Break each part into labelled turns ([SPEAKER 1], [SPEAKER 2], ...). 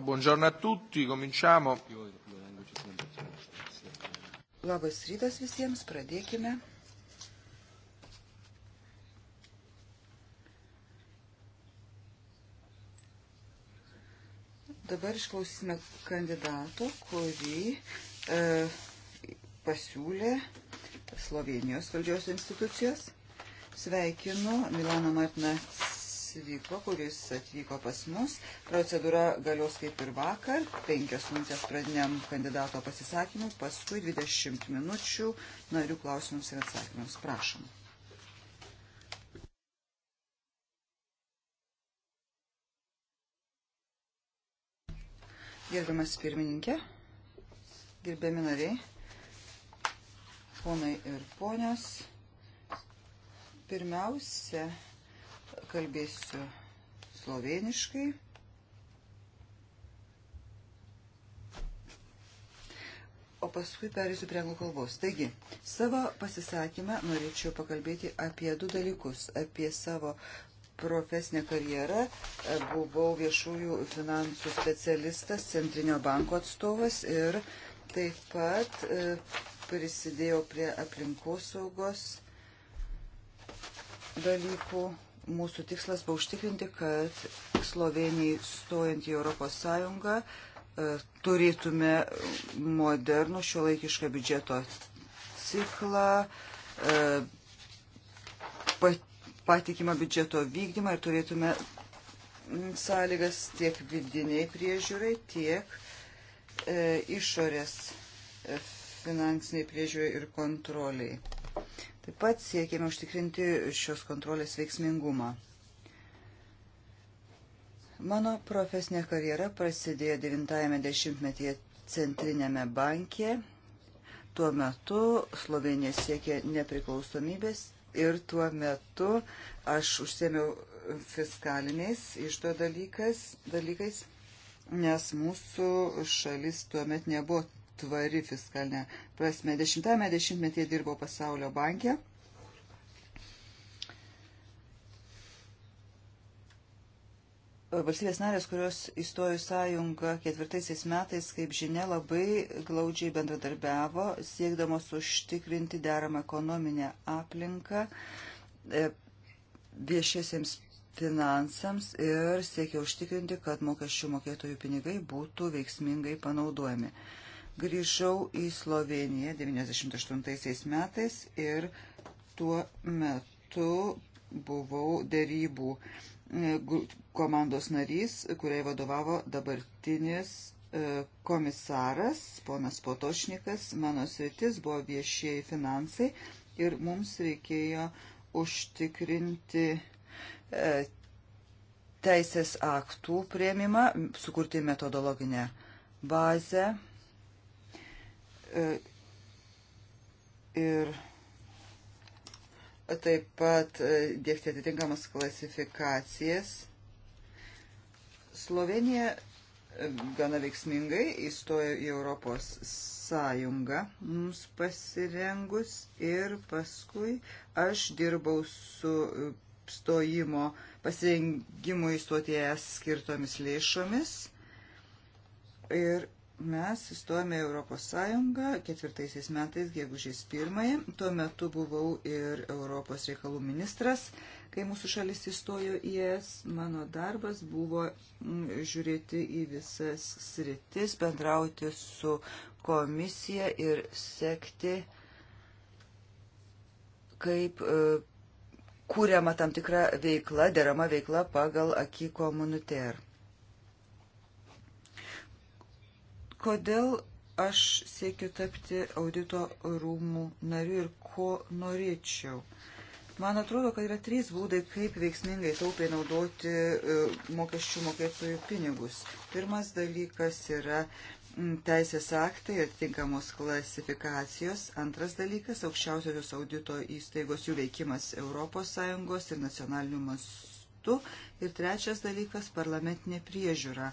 [SPEAKER 1] Buongiorno a tutti, cominciamo.
[SPEAKER 2] Labas rytas visiems, pradėkime. Dabar išklausysime kandidato, kurį e, pasiūlė Slovenijos valdžios institucijos. Sveikinu Milano Martiną C vyko, kuris atvyko pas mus. Procedūra galios kaip ir vakar, 5 minutės pradiniam kandidato pasisakymui, paskui 20 minučių narių klausimams ir atsakymams. Prašom. Gerbiamas pirmininkė, gerbiami nariai, ponai ir ponios pirmiausia, kalbėsiu sloveniškai. O paskui perėsiu prie anglų kalbos. Taigi, savo pasisakymą norėčiau pakalbėti apie du dalykus. Apie savo profesinę karjerą. Buvau viešųjų finansų specialistas, Centrinio banko atstovas ir taip pat e, prisidėjau prie aplinkosaugos dalykų mūsų tikslas buvo užtikrinti, kad Slovenijai stojant į Europos Sąjungą e, turėtume modernų šiuolaikišką biudžeto ciklą, e, patikimą biudžeto vykdymą ir turėtume sąlygas tiek vidiniai priežiūrai, tiek e, išorės finansiniai priežiūrai ir kontroliai. Taip pat siekėme užtikrinti šios kontrolės veiksmingumą. Mano profesinė karjera prasidėjo 90-metyje centrinėme bankė. Tuo metu Slovenija siekė nepriklausomybės ir tuo metu aš užsėmiau fiskaliniais išdo dalykas, dalykais, nes mūsų šalis tuo met nebuvo tvari fiskalinė prasme. Dešimtame dešimtmetyje dirbau pasaulio bankė. Valstybės narės, kurios įstojo sąjungą ketvirtaisiais metais, kaip žinia, labai glaudžiai bendradarbiavo, siekdamos užtikrinti deramą ekonominę aplinką e, viešiesiems finansams ir siekia užtikrinti, kad mokesčių mokėtojų pinigai būtų veiksmingai panaudojami. Grįžau į Sloveniją 98 metais ir tuo metu buvau dėrybų e, komandos narys, kuriai vadovavo dabartinis e, komisaras, ponas Potošnikas. Mano sritis buvo viešieji finansai ir mums reikėjo užtikrinti e, teisės aktų prieimimą, sukurti metodologinę bazę E, ir taip pat e, dėkti atitinkamas klasifikacijas. Slovenija e, gana veiksmingai įstojo į Europos sąjungą mums pasirengus ir paskui aš dirbau su stojimo pasirengimui įstoti skirtomis lėšomis ir mes įstojome į Europos Sąjungą ketvirtaisiais metais, gegužės pirmąją. Tuo metu buvau ir Europos reikalų ministras, kai mūsų šalis įstojo į ES. Mano darbas buvo žiūrėti į visas sritis, bendrauti su komisija ir sekti, kaip e, kūriama tam tikra veikla, derama veikla pagal akį komuniter. Kodėl aš siekiu tapti audito rūmų nariu ir ko norėčiau? Man atrodo, kad yra trys būdai, kaip veiksmingai taupiai naudoti e, mokesčių mokėtojų pinigus. Pirmas dalykas yra teisės aktai ir tinkamos klasifikacijos. Antras dalykas - aukščiausiosios audito įstaigos jų veikimas ES ir nacionaliniu mastu. Ir trečias dalykas - parlamentinė priežiūra.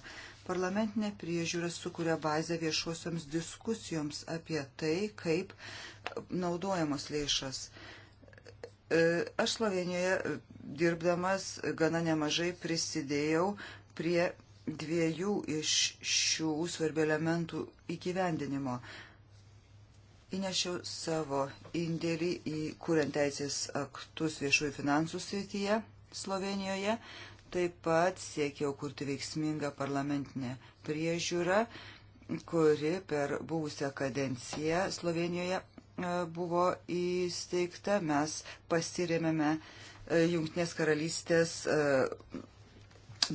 [SPEAKER 2] Parlamentinė priežiūra sukuria bazę viešosioms diskusijoms apie tai, kaip naudojamos lėšas. E, aš Slovenijoje e, dirbdamas gana nemažai prisidėjau prie dviejų iš šių svarbių elementų įgyvendinimo. Įnešiau savo indėlį į kuriant teisės aktus viešųjų finansų srityje Slovenijoje Taip pat siekiau kurti veiksmingą parlamentinę priežiūrą, kuri per buvusią kadenciją Slovenijoje e, buvo įsteigta. Mes pasirėmėme e, Junktinės karalystės e,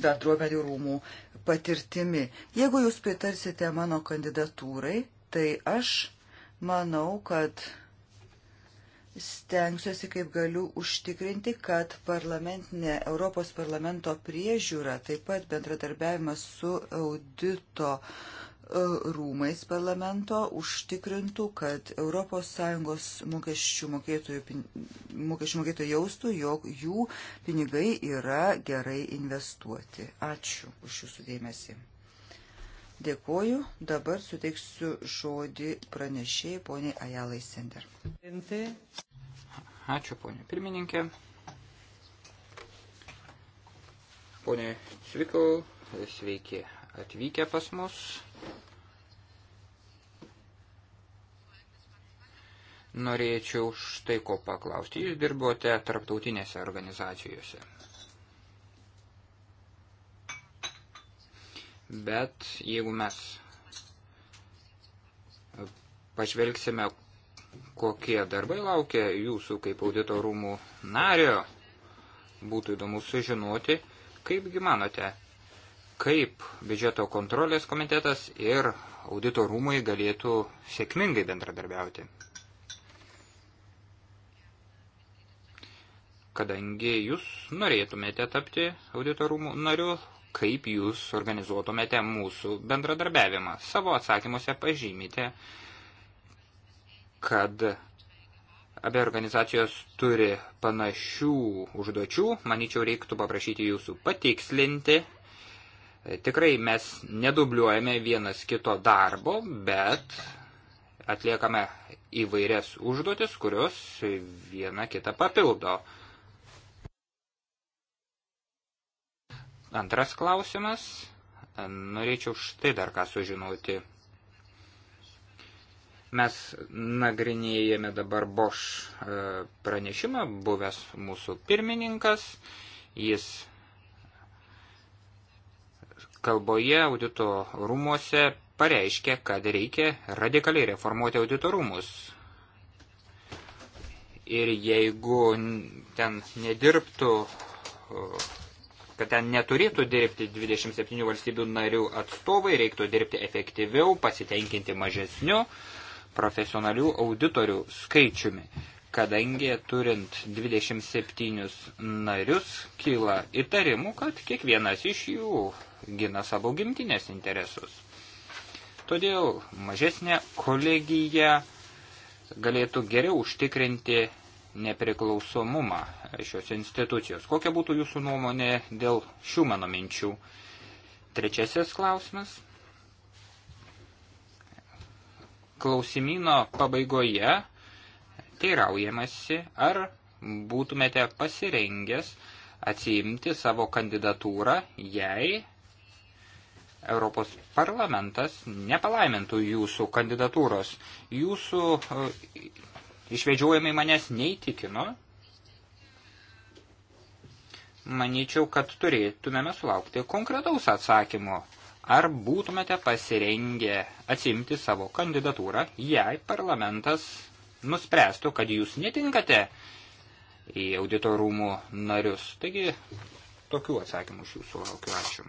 [SPEAKER 2] bendruomenių rūmų patirtimi. Jeigu jūs pritarsite mano kandidatūrai, tai aš manau, kad stengsiuosi kaip galiu užtikrinti, kad parlamentinė Europos parlamento priežiūra, taip pat bendradarbiavimas su audito e, rūmais parlamento užtikrintų, kad ES mokesčių mokėtojų, mokesčių mokėtojų jaustų, jog jų pinigai yra gerai investuoti. Ačiū už jūsų dėmesį. Dėkoju. Dabar suteiksiu žodį pranešėjai poniai Ajalai Sender. Ačiū,
[SPEAKER 1] ponė pirmininkė. Ponė Cvikau, sveiki atvykę pas mus. Norėčiau štai ko paklausti. Jūs dirbote tarptautinėse organizacijose. bet jeigu mes pažvelgsime, kokie darbai laukia jūsų kaip audito rūmų nario, būtų įdomu sužinoti, kaipgi manote, kaip biudžeto kontrolės komitetas ir audito rūmai galėtų sėkmingai bendradarbiauti. Kadangi jūs norėtumėte tapti auditorumų nariu, kaip jūs organizuotumėte mūsų bendradarbiavimą. Savo atsakymuose pažymite, kad abi organizacijos turi panašių užduočių, manyčiau reiktų paprašyti jūsų patikslinti. Tikrai mes nedubliuojame vienas kito darbo, bet atliekame įvairias užduotis, kurios viena kitą papildo. Antras klausimas. Norėčiau štai dar ką sužinoti. Mes nagrinėjame dabar Bosch e, pranešimą, buvęs mūsų pirmininkas. Jis kalboje audito rūmuose pareiškė, kad reikia radikaliai reformuoti audito rūmus. Ir jeigu ten nedirbtų kad ten neturėtų dirbti 27 valstybių narių atstovai, reiktų dirbti efektyviau, pasitenkinti mažesniu profesionalių auditorių skaičiumi, kadangi turint 27 narius kyla įtarimų, kad kiekvienas iš jų gina savo gimtinės interesus. Todėl mažesnė kolegija galėtų geriau užtikrinti nepriklausomumą šios institucijos. Kokia būtų jūsų nuomonė dėl šių mano minčių? Trečiasis klausimas. Klausimino pabaigoje teiraujamasi, ar būtumėte pasirengęs atsiimti savo kandidatūrą, jei Europos parlamentas nepalaimintų jūsų kandidatūros. Jūsų išvedžiojimai manęs neįtikino. Manyčiau, kad turėtumėme sulaukti konkretaus atsakymo, ar būtumėte pasirengę atsimti savo kandidatūrą, jei parlamentas nuspręstų, kad jūs netinkate į auditorumų narius. Taigi, tokių atsakymų iš jūsų laukiu. Ačiū.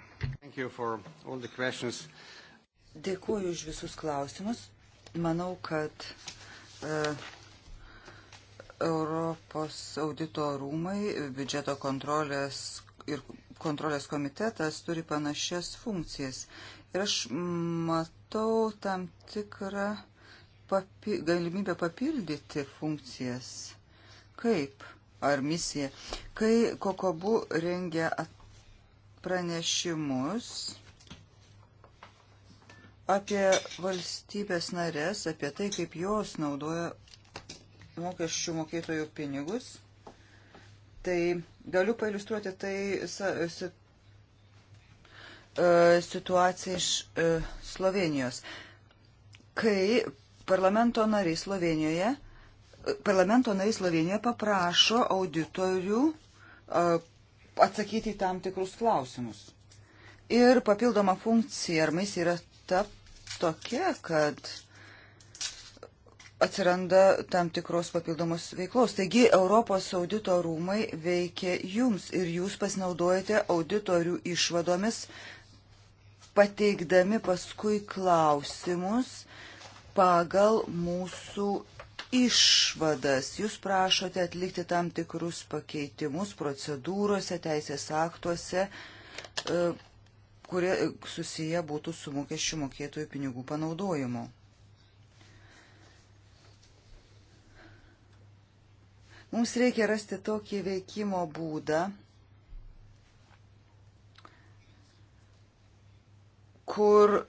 [SPEAKER 2] Dėkuoju už visus klausimus. Manau, kad uh, Europos audito rūmai, biudžeto kontrolės ir kontrolės komitetas turi panašias funkcijas. Ir aš matau tam tikrą papi, galimybę papildyti funkcijas. Kaip? Ar misija? Kai Kokobu rengia pranešimus apie valstybės narės, apie tai, kaip jos naudoja mokesčių mokėtojų pinigus. Tai galiu pailustruoti tai e, situaciją iš e, Slovenijos. Kai parlamento nariai Slovenijoje, e, parlamento nariai Slovenijoje paprašo auditorių atsakyti į tam tikrus klausimus. Ir papildoma funkcija armais yra ta tokia, kad atsiranda tam tikros papildomos veiklos. Taigi Europos audito rūmai veikia jums ir jūs pasinaudojate auditorių išvadomis, pateikdami paskui klausimus pagal mūsų išvadas. Jūs prašote atlikti tam tikrus pakeitimus procedūrose, teisės aktuose, e, kurie susiję būtų su mokesčių mokėtojų pinigų panaudojimu. Mums reikia rasti tokį veikimo būdą, kur e,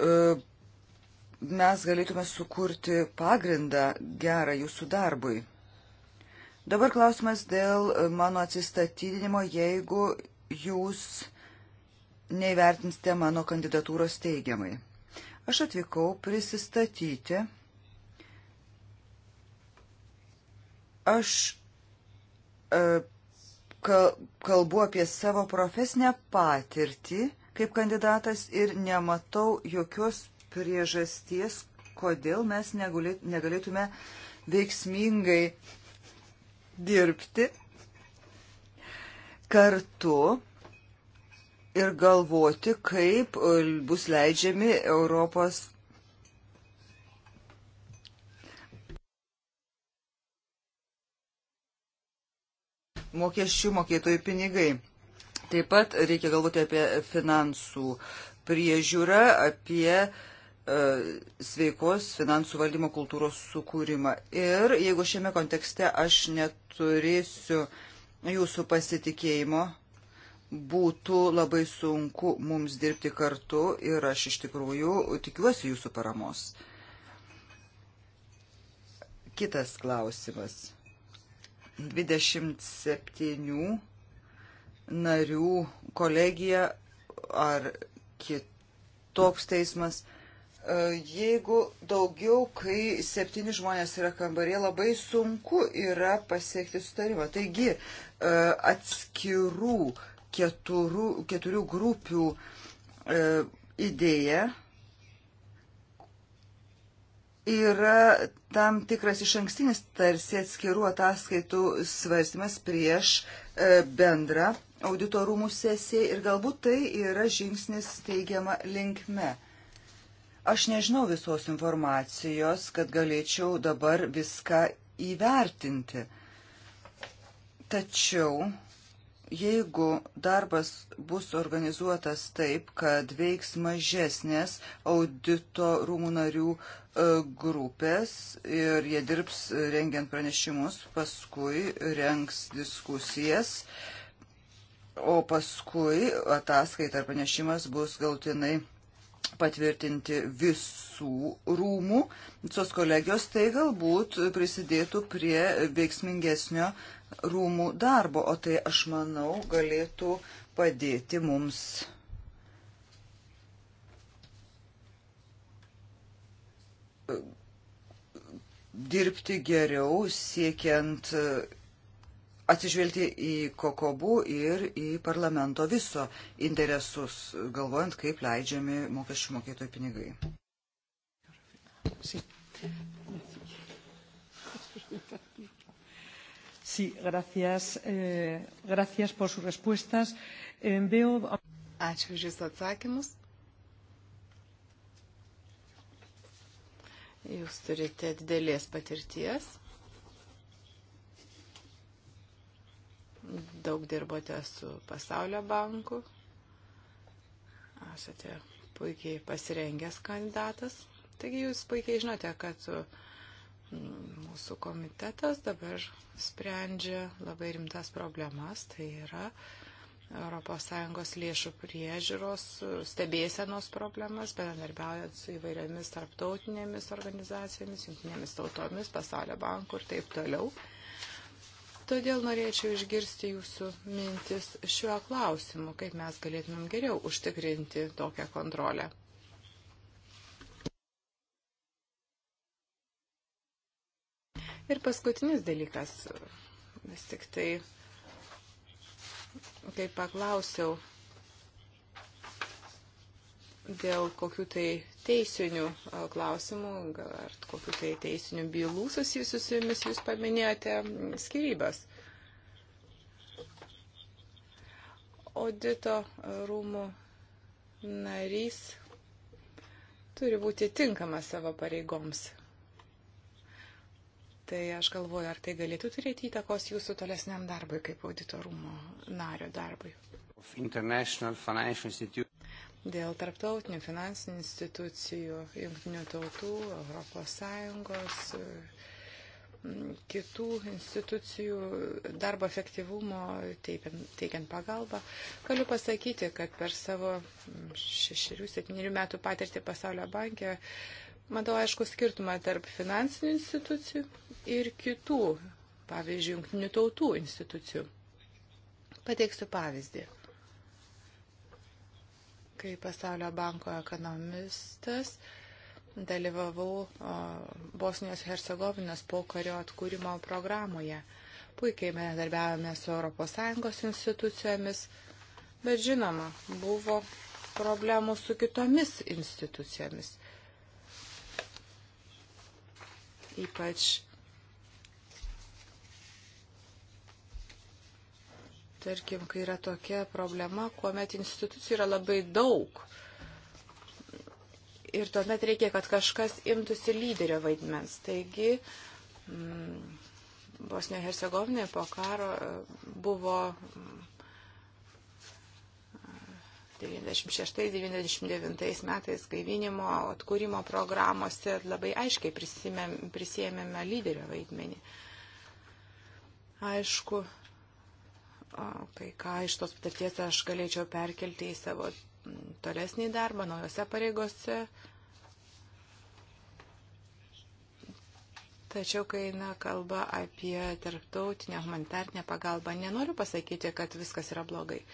[SPEAKER 2] mes galėtume sukurti pagrindą gerą jūsų darbui. Dabar klausimas dėl e, mano atsistatydinimo, jeigu jūs neįvertinsite mano kandidatūros teigiamai. Aš atvykau prisistatyti. Aš E, kalbu apie savo profesinę patirtį kaip kandidatas ir nematau jokios priežasties, kodėl mes negalėtume veiksmingai dirbti kartu ir galvoti, kaip bus leidžiami Europos mokesčių mokėtojų pinigai. Taip pat reikia galvoti apie finansų priežiūrą, apie e, sveikos finansų valdymo kultūros sukūrimą. Ir jeigu šiame kontekste aš neturėsiu jūsų pasitikėjimo, būtų labai sunku mums dirbti kartu ir aš iš tikrųjų tikiuosi jūsų paramos. Kitas klausimas 27 narių kolegija ar kitoks teismas. E, jeigu daugiau, kai septyni žmonės yra kambarė, labai sunku yra pasiekti sutarimą. Taigi e, atskirų keturių, keturių grupių e, idėja yra tam tikras iš ankstinis tarsi atskirų ataskaitų svarstymas prieš e, bendrą auditorumų sesiją ir galbūt tai yra žingsnis teigiama linkme. Aš nežinau visos informacijos, kad galėčiau dabar viską įvertinti. Tačiau Jeigu darbas bus organizuotas taip, kad veiks mažesnės audito rūmų narių e, grupės ir jie dirbs rengiant pranešimus, paskui rengs diskusijas, o paskui ataskaita ar pranešimas bus galtinai patvirtinti visų rūmų, visos kolegijos, tai galbūt prisidėtų prie veiksmingesnio uh, rūmų darbo, o tai, aš manau, galėtų padėti mums. dirbti geriau, siekiant atsižvelgti į kokobų ir į parlamento viso interesus, galvojant, kaip leidžiami mokesčių mokėtojų pinigai. Sí. Sí, gracias,
[SPEAKER 3] eh, gracias por sus respuestas. Eh, veo... Ačiū už Jūsų atsakymus. Jūs turite didelės patirties. Daug dirbote su pasaulio banku. Esate puikiai pasirengęs kandidatas. Taigi jūs puikiai žinote, kad su uh, Mūsų komitetas dabar sprendžia labai rimtas problemas, tai yra ES lėšų priežiūros, stebėsenos problemas, bendarbiaujant su įvairiomis tarptautinėmis organizacijomis, jungtinėmis tautomis, pasaulio banku ir taip toliau. Todėl norėčiau išgirsti jūsų mintis šiuo klausimu, kaip mes galėtumėm geriau užtikrinti tokią kontrolę. Ir paskutinis dalykas, vis tik tai, kai paklausiau dėl kokių tai teisinių klausimų, ar kokių tai teisinių bylų susijusių su jumis, jūs paminėjote skirybas. Audito rūmų narys turi būti tinkamas savo pareigoms. Tai aš galvoju, ar tai galėtų turėti įtakos jūsų tolesniam darbui kaip auditorumo nario darbui. Dėl tarptautinių finansinių institucijų, jungtinių tautų, ES, kitų institucijų darbo efektyvumo teikiant pagalbą, galiu pasakyti, kad per savo šešerių, septynerių metų patirtį pasaulio bankė Matau aišku skirtumą tarp finansinių institucijų ir kitų, pavyzdžiui, jungtinių tautų institucijų. Pateiksiu pavyzdį. Kai pasaulio banko ekonomistas dalyvavau Bosnijos Hercegovinos pokario atkūrimo programoje. Puikiai bendradarbiavome su ES institucijomis, bet žinoma, buvo problemų su kitomis institucijomis. ypač tarkim, kai yra tokia problema, kuomet institucijų yra labai daug. Ir tuomet reikia, kad kažkas imtųsi lyderio vaidmens. Taigi, mm, Bosnijoje Hercegovinoje po karo e, buvo 96-99 metais gaivinimo, atkūrimo programuose labai aiškiai prisėmėme lyderio vaidmenį. Aišku, kai ką iš tos patirties aš galėčiau perkelti į savo tolesnį darbą naujose pareigose. Tačiau, kai eina kalba apie tarptautinę humanitarnę pagalbą, nenoriu pasakyti, kad viskas yra blogai. Uh,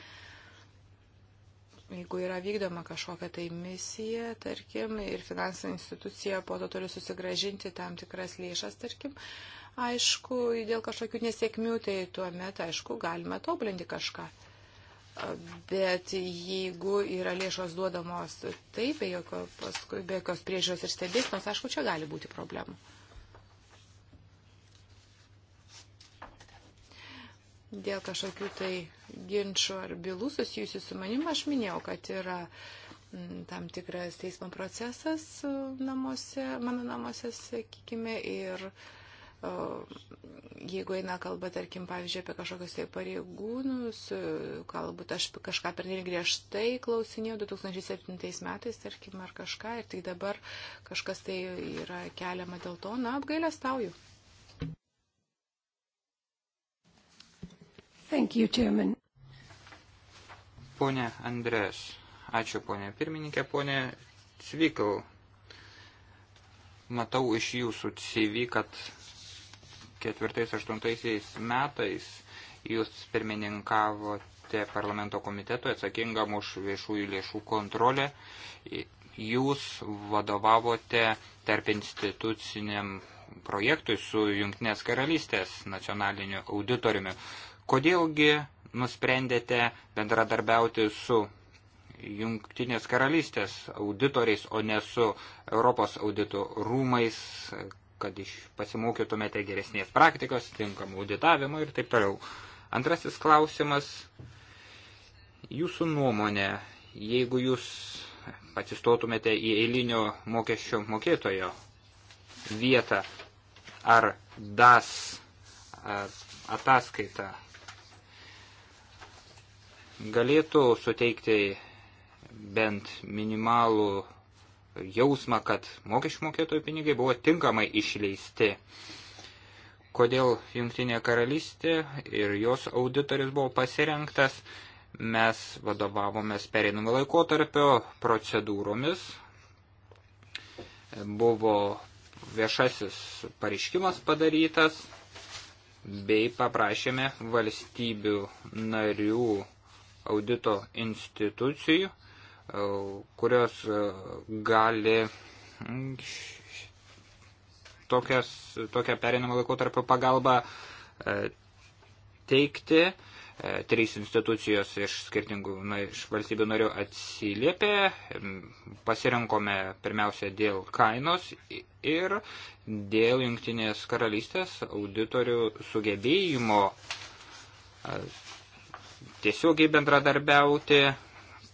[SPEAKER 3] jeigu yra vykdoma kažkokia tai misija, tarkim, ir finansinė institucija po to turi susigražinti tam tikras lėšas, tarkim, aišku, dėl kažkokių nesėkmių, tai tuo metu, aišku, galime tobulinti kažką. Bet jeigu yra lėšos duodamos taip, be jokios, be jokios priežiūros ir stebėsnos, aišku, čia gali būti problemų. dėl kažkokių tai ginčių ar bylų susijusių su manim, aš minėjau, kad yra mm, tam tikras teismo procesas e, namuose, mano namuose, sakykime, ir jeigu eina kalba, tarkim, pavyzdžiui, apie kažkokius tai pareigūnus, e, galbūt aš kažką per griežtai klausinėjau 2007 metais, tarkim, ar kažką, ir tik dabar kažkas tai yra keliama dėl to, na, apgailę stauju. Thank you, Chairman.
[SPEAKER 1] Pone Andrės, ačiū ponė pirmininkė, ponė Cvikau. Matau iš jūsų CV, kad ketvirtais, aštuntaisiais metais jūs pirmininkavote parlamento komitetui atsakingam už viešųjų lėšų kontrolę. Jūs vadovavote tarp instituciniam projektui su Junktinės karalystės nacionaliniu auditoriumi. Kodėlgi nusprendėte bendradarbiauti su Jungtinės karalystės auditoriais, o ne su Europos audito rūmais, kad iš pasimokytumėte geresnės praktikos, tinkamų auditavimo ir taip toliau. Antrasis klausimas. Jūsų nuomonė, jeigu jūs atsistotumėte į eilinio mokesčio mokėtojo vietą, ar DAS ataskaita galėtų suteikti bent minimalų jausmą, kad mokesčių mokėtojų pinigai buvo tinkamai išleisti. Kodėl Junktinė karalystė ir jos auditorius buvo pasirinktas, mes vadovavomės pereinamą laikotarpio procedūromis. Buvo viešasis pareiškimas padarytas bei paprašėme valstybių narių audito institucijų, e, kurios e, gali mm, tokias, tokią perinamą laikotarpio pagalbą e, teikti. Trys institucijos iš skirtingų na, iš valstybių narių atsiliepė, pasirinkome pirmiausia dėl kainos ir dėl jungtinės karalystės auditorių sugebėjimo tiesiogiai bendradarbiauti,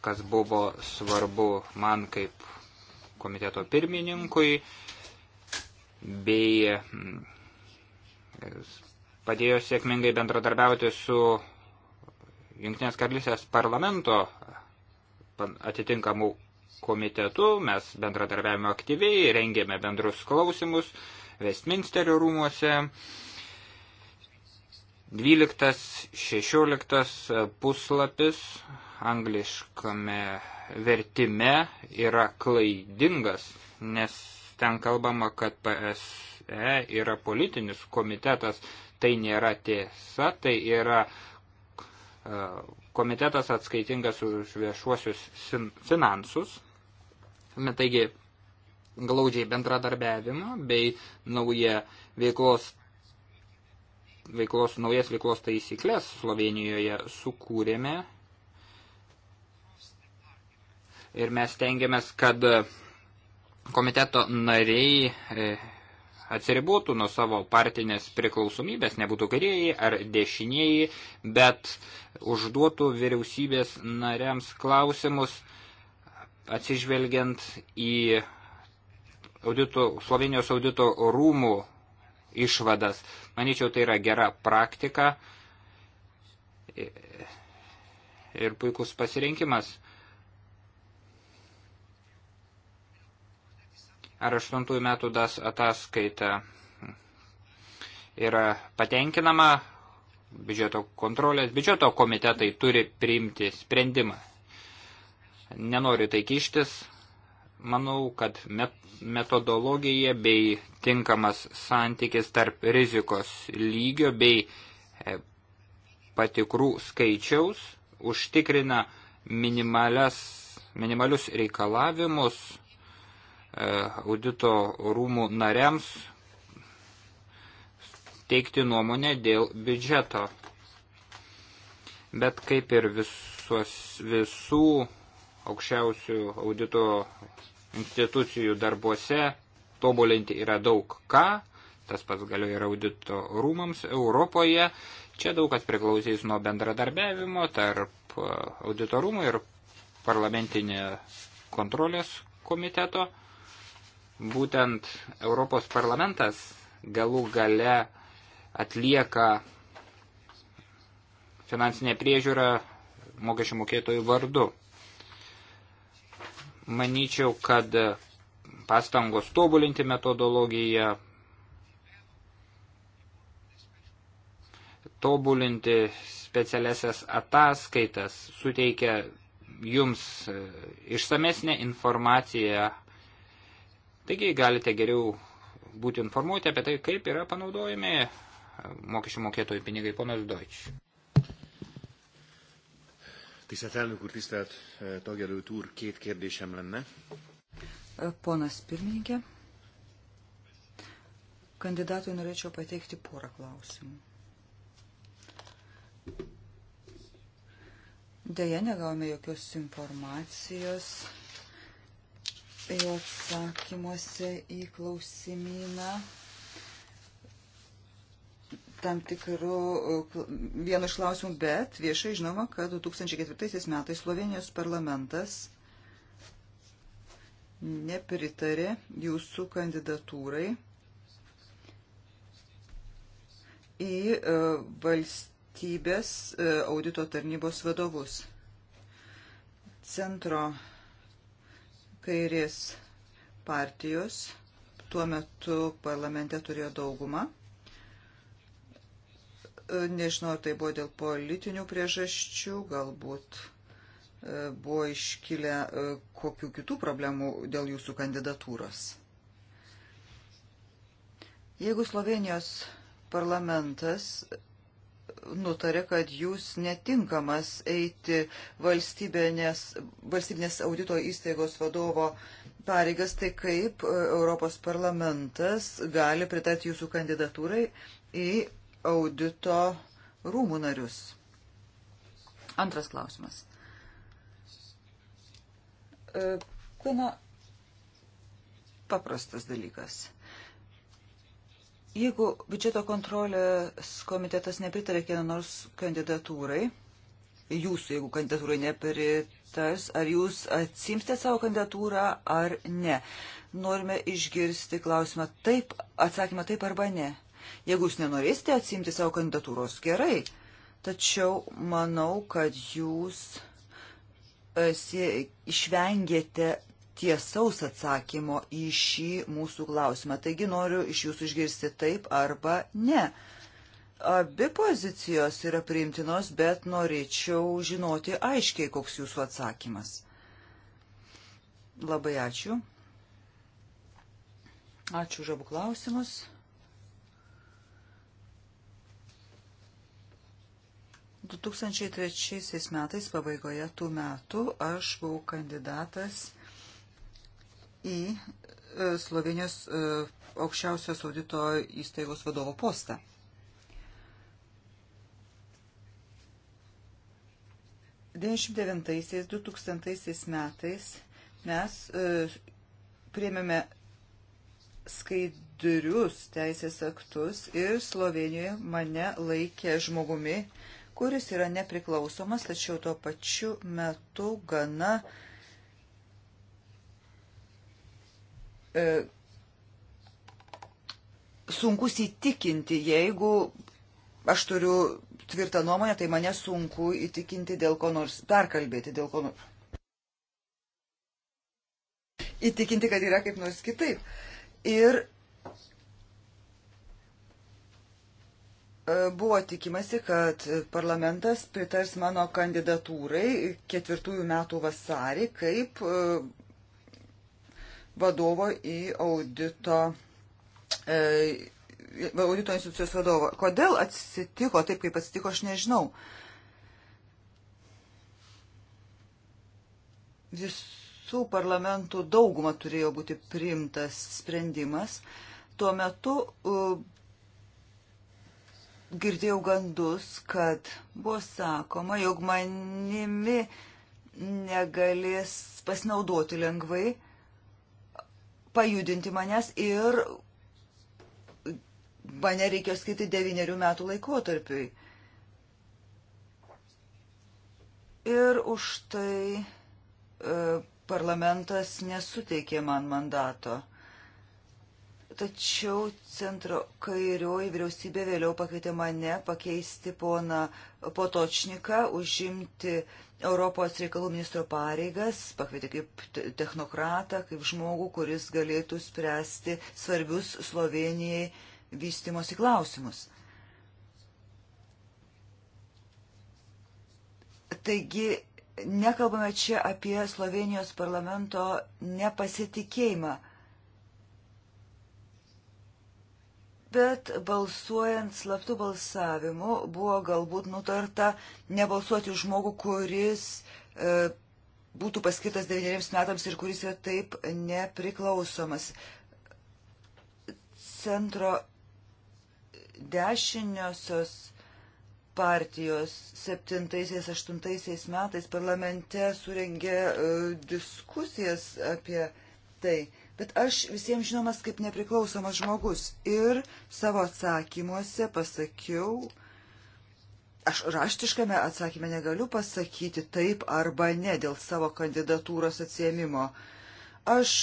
[SPEAKER 1] kas buvo svarbu man kaip komiteto pirmininkui, bei mm, padėjo sėkmingai bendradarbiauti su Junktinės karalystės parlamento atitinkamų komitetu. Mes bendradarbiavimo aktyviai, rengėme bendrus klausimus Westminsterio rūmuose. 12-16 puslapis angliškame vertime yra klaidingas, nes ten kalbama, kad PSE yra politinis komitetas. Tai nėra tiesa, tai yra e, komitetas atskaitingas už viešuosius finansus. Taigi, glaudžiai bendradarbiavimą bei nauja veiklos veiklos, naujas veiklos taisyklės Slovenijoje sukūrėme ir mes tengiamės, kad komiteto nariai e, atsiribotų nuo savo partinės priklausomybės, nebūtų kairieji ar dešinieji, bet užduotų vyriausybės nariams klausimus atsižvelgiant į audito, Slovenijos audito rūmų išvadas. Manyčiau, tai yra gera praktika ir puikus pasirinkimas. Ar aštuntųjų metų tas ataskaita yra patenkinama, biudžeto kontrolės, biudžeto komitetai turi priimti sprendimą. Nenoriu tai kištis, Manau, kad metodologija bei tinkamas santykis tarp rizikos lygio bei e, patikrų skaičiaus užtikrina minimalius reikalavimus e, audito rūmų nariams teikti nuomonę dėl biudžeto. Bet kaip ir visos, visų aukščiausių audito institucijų darbuose tobulinti yra daug ką, tas pats galioja ir audito rūmams Europoje. Čia daug kas priklausys nuo bendradarbiavimo tarp e, audito rūmų ir parlamentinė kontrolės komiteto. Būtent Europos parlamentas galų gale atlieka finansinę priežiūrą mokesčių mokėtojų vardu. Manyčiau, kad pastangos tobulinti metodologiją, tobulinti specialiasias ataskaitas suteikia jums e, išsamesnę informaciją. Taigi galite geriau būti informuoti apie tai, kaip yra panaudojami mokesčių mokėtojų pinigai. Ponas Deutsch.
[SPEAKER 2] Tisztelt elnök úr, tisztelt e, tagjelölt úr, két kérdésem lenne. E, ponas pirmininkė, kandidatui norėčiau pateikti porą klausimų. Deja, negavome jokios informacijos jo atsakymuose į klausimyną tam tikru e, vienu iš klausimų, bet viešai žinoma, kad 2004 metais Slovenijos parlamentas nepritarė jūsų kandidatūrai į e, valstybės e, audito tarnybos vadovus. Centro kairės partijos tuo metu parlamente turėjo daugumą Nežinau, tai buvo dėl politinių priežasčių, galbūt e, buvo iškilę e, kokių kitų problemų dėl jūsų kandidatūros. Jeigu Slovenijos parlamentas nutarė, kad jūs netinkamas eiti valstybinės, valstybinės audito įstaigos vadovo pareigas, tai kaip e, Europos parlamentas gali pritarti jūsų kandidatūrai į audito rūmų narius. Antras klausimas. E, gana paprastas dalykas. Jeigu biudžeto kontrolės komitetas nepritarė kieno nors kandidatūrai, jūsų, jeigu kandidatūrai nepritars, ar jūs atsimstė savo kandidatūrą ar ne. Norime išgirsti klausimą taip, atsakymą taip arba ne. Jeigu jūs nenorėsite atsimti savo kandidatūros, gerai. Tačiau manau, kad jūs e, išvengėte tiesaus atsakymo į šį mūsų klausimą. Taigi noriu iš jūsų išgirsti taip arba ne. Abi pozicijos yra priimtinos, bet norėčiau žinoti aiškiai, koks jūsų atsakymas. Labai ačiū. Ačiū už abu klausimus. 2003 metais pabaigoje tų metų aš buvau kandidatas į e, Slovenijos e, aukščiausios audito įstaigos vadovo postą. Devintaisiais, 2000 metais mes e, priėmėme skaidrius teisės aktus ir Slovenijoje mane laikė žmogumi, kuris yra nepriklausomas, tačiau tuo pačiu metu gana e, sunkus įtikinti, jeigu aš turiu tvirtą nuomonę, tai mane sunku įtikinti dėl ko nors, perkalbėti dėl ko nors. Įtikinti, kad yra kaip nors kitaip. Ir E, buvo tikimasi, kad parlamentas pritars mano kandidatūrai ketvirtųjų metų vasarį kaip e, vadovo į audito, e, audito institucijos vadovo. Kodėl atsitiko taip, kaip atsitiko, aš nežinau. Visų parlamentų dauguma turėjo būti priimtas sprendimas. Tuo metu girdėjau gandus, kad buvo sakoma, jog manimi negalės pasinaudoti lengvai, pajudinti manęs ir mane reikėjo skirti devyniarių metų laikotarpiui. Ir už tai e, parlamentas nesuteikė man mandato. Tačiau centro kairioji vyriausybė vėliau pakvietė mane pakeisti poną Potočniką, užimti Europos reikalų ministro pareigas, pakvietė kaip technokratą, kaip žmogų, kuris galėtų spręsti svarbius Slovenijai vystimosi klausimus. Taigi, nekalbame čia apie Slovenijos parlamento nepasitikėjimą bet balsuojant slaptų balsavimu buvo galbūt nutarta nebalsuoti už žmogų, kuris e, būtų paskirtas devyneriems metams ir kuris yra taip nepriklausomas. Centro dešiniosios partijos 7-8 metais parlamente surengė e, diskusijas apie tai. E, Bet aš visiems žinomas kaip nepriklausomas žmogus ir savo atsakymuose pasakiau, aš raštiškame atsakymė negaliu pasakyti taip arba ne dėl savo kandidatūros atsiemimo. Aš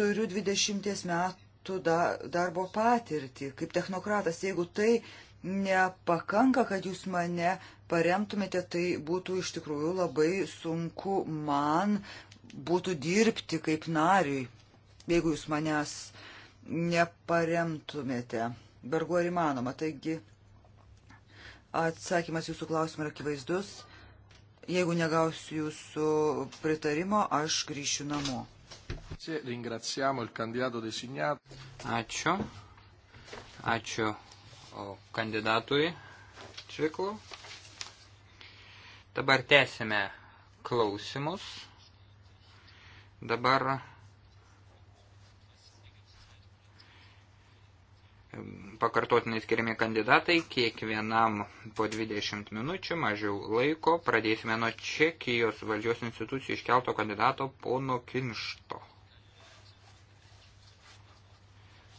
[SPEAKER 2] turiu 20 metų darbo patirtį kaip technokratas. Jeigu tai nepakanka, kad jūs mane paremtumėte, tai būtų iš tikrųjų labai sunku man būtų dirbti kaip nariui jeigu jūs manęs neparemtumėte. Vargu ar įmanoma. Taigi, atsakymas jūsų klausimų yra akivaizdus. Jeigu negausiu jūsų pritarimo, aš grįšiu namo. Ačiū.
[SPEAKER 1] Ačiū kandidatui Čiklu. Dabar tęsime klausimus. Dabar pakartotinai skiriami kandidatai, kiekvienam po 20 minučių, mažiau laiko. Pradėsime nuo Čekijos valdžios institucijų iškelto kandidato pono Kinšto.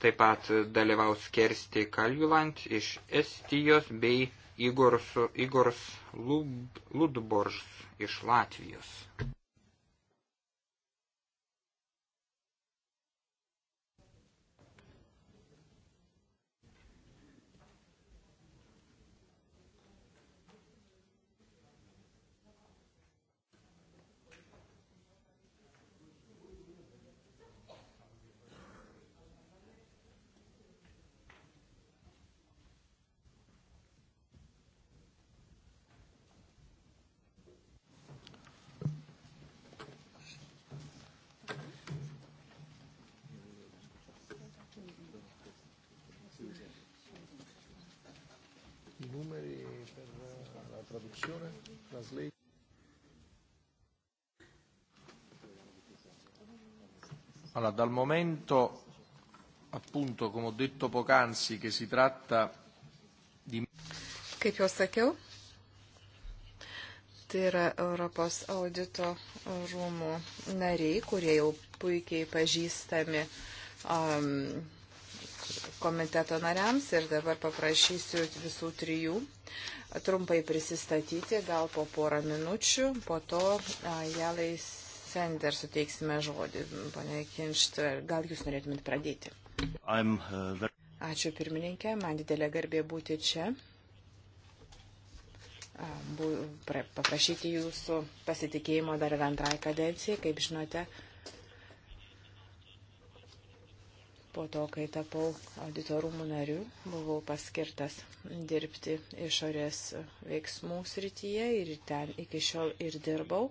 [SPEAKER 1] Taip pat dalyvaus Kersti Kaljulant iš Estijos bei Igors, Igors Lud, Ludborž iš Latvijos.
[SPEAKER 3] traduzione, translate.
[SPEAKER 1] Allora, dal momento, appunto, come ho detto
[SPEAKER 3] poc'anzi, che si tratta di... Kaip jau sakiau, tai yra Europos audito rūmų nariai, kurie jau puikiai pažįstami um, komiteto nariams ir dabar paprašysiu visų trijų uh, trumpai prisistatyti, gal po porą minučių, po to Jelai Sender suteiksime žodį. Pane Kinšt, gal jūs norėtumėt pradėti?
[SPEAKER 2] Uh,
[SPEAKER 3] Ačiū pirmininkė, man didelė garbė būti čia paprašyti jūsų pasitikėjimo dar ir antrai kadencijai. Kaip žinote, Po to, kai tapau auditorumų nariu, buvau paskirtas dirbti išorės veiksmų srityje ir ten iki šiol ir dirbau.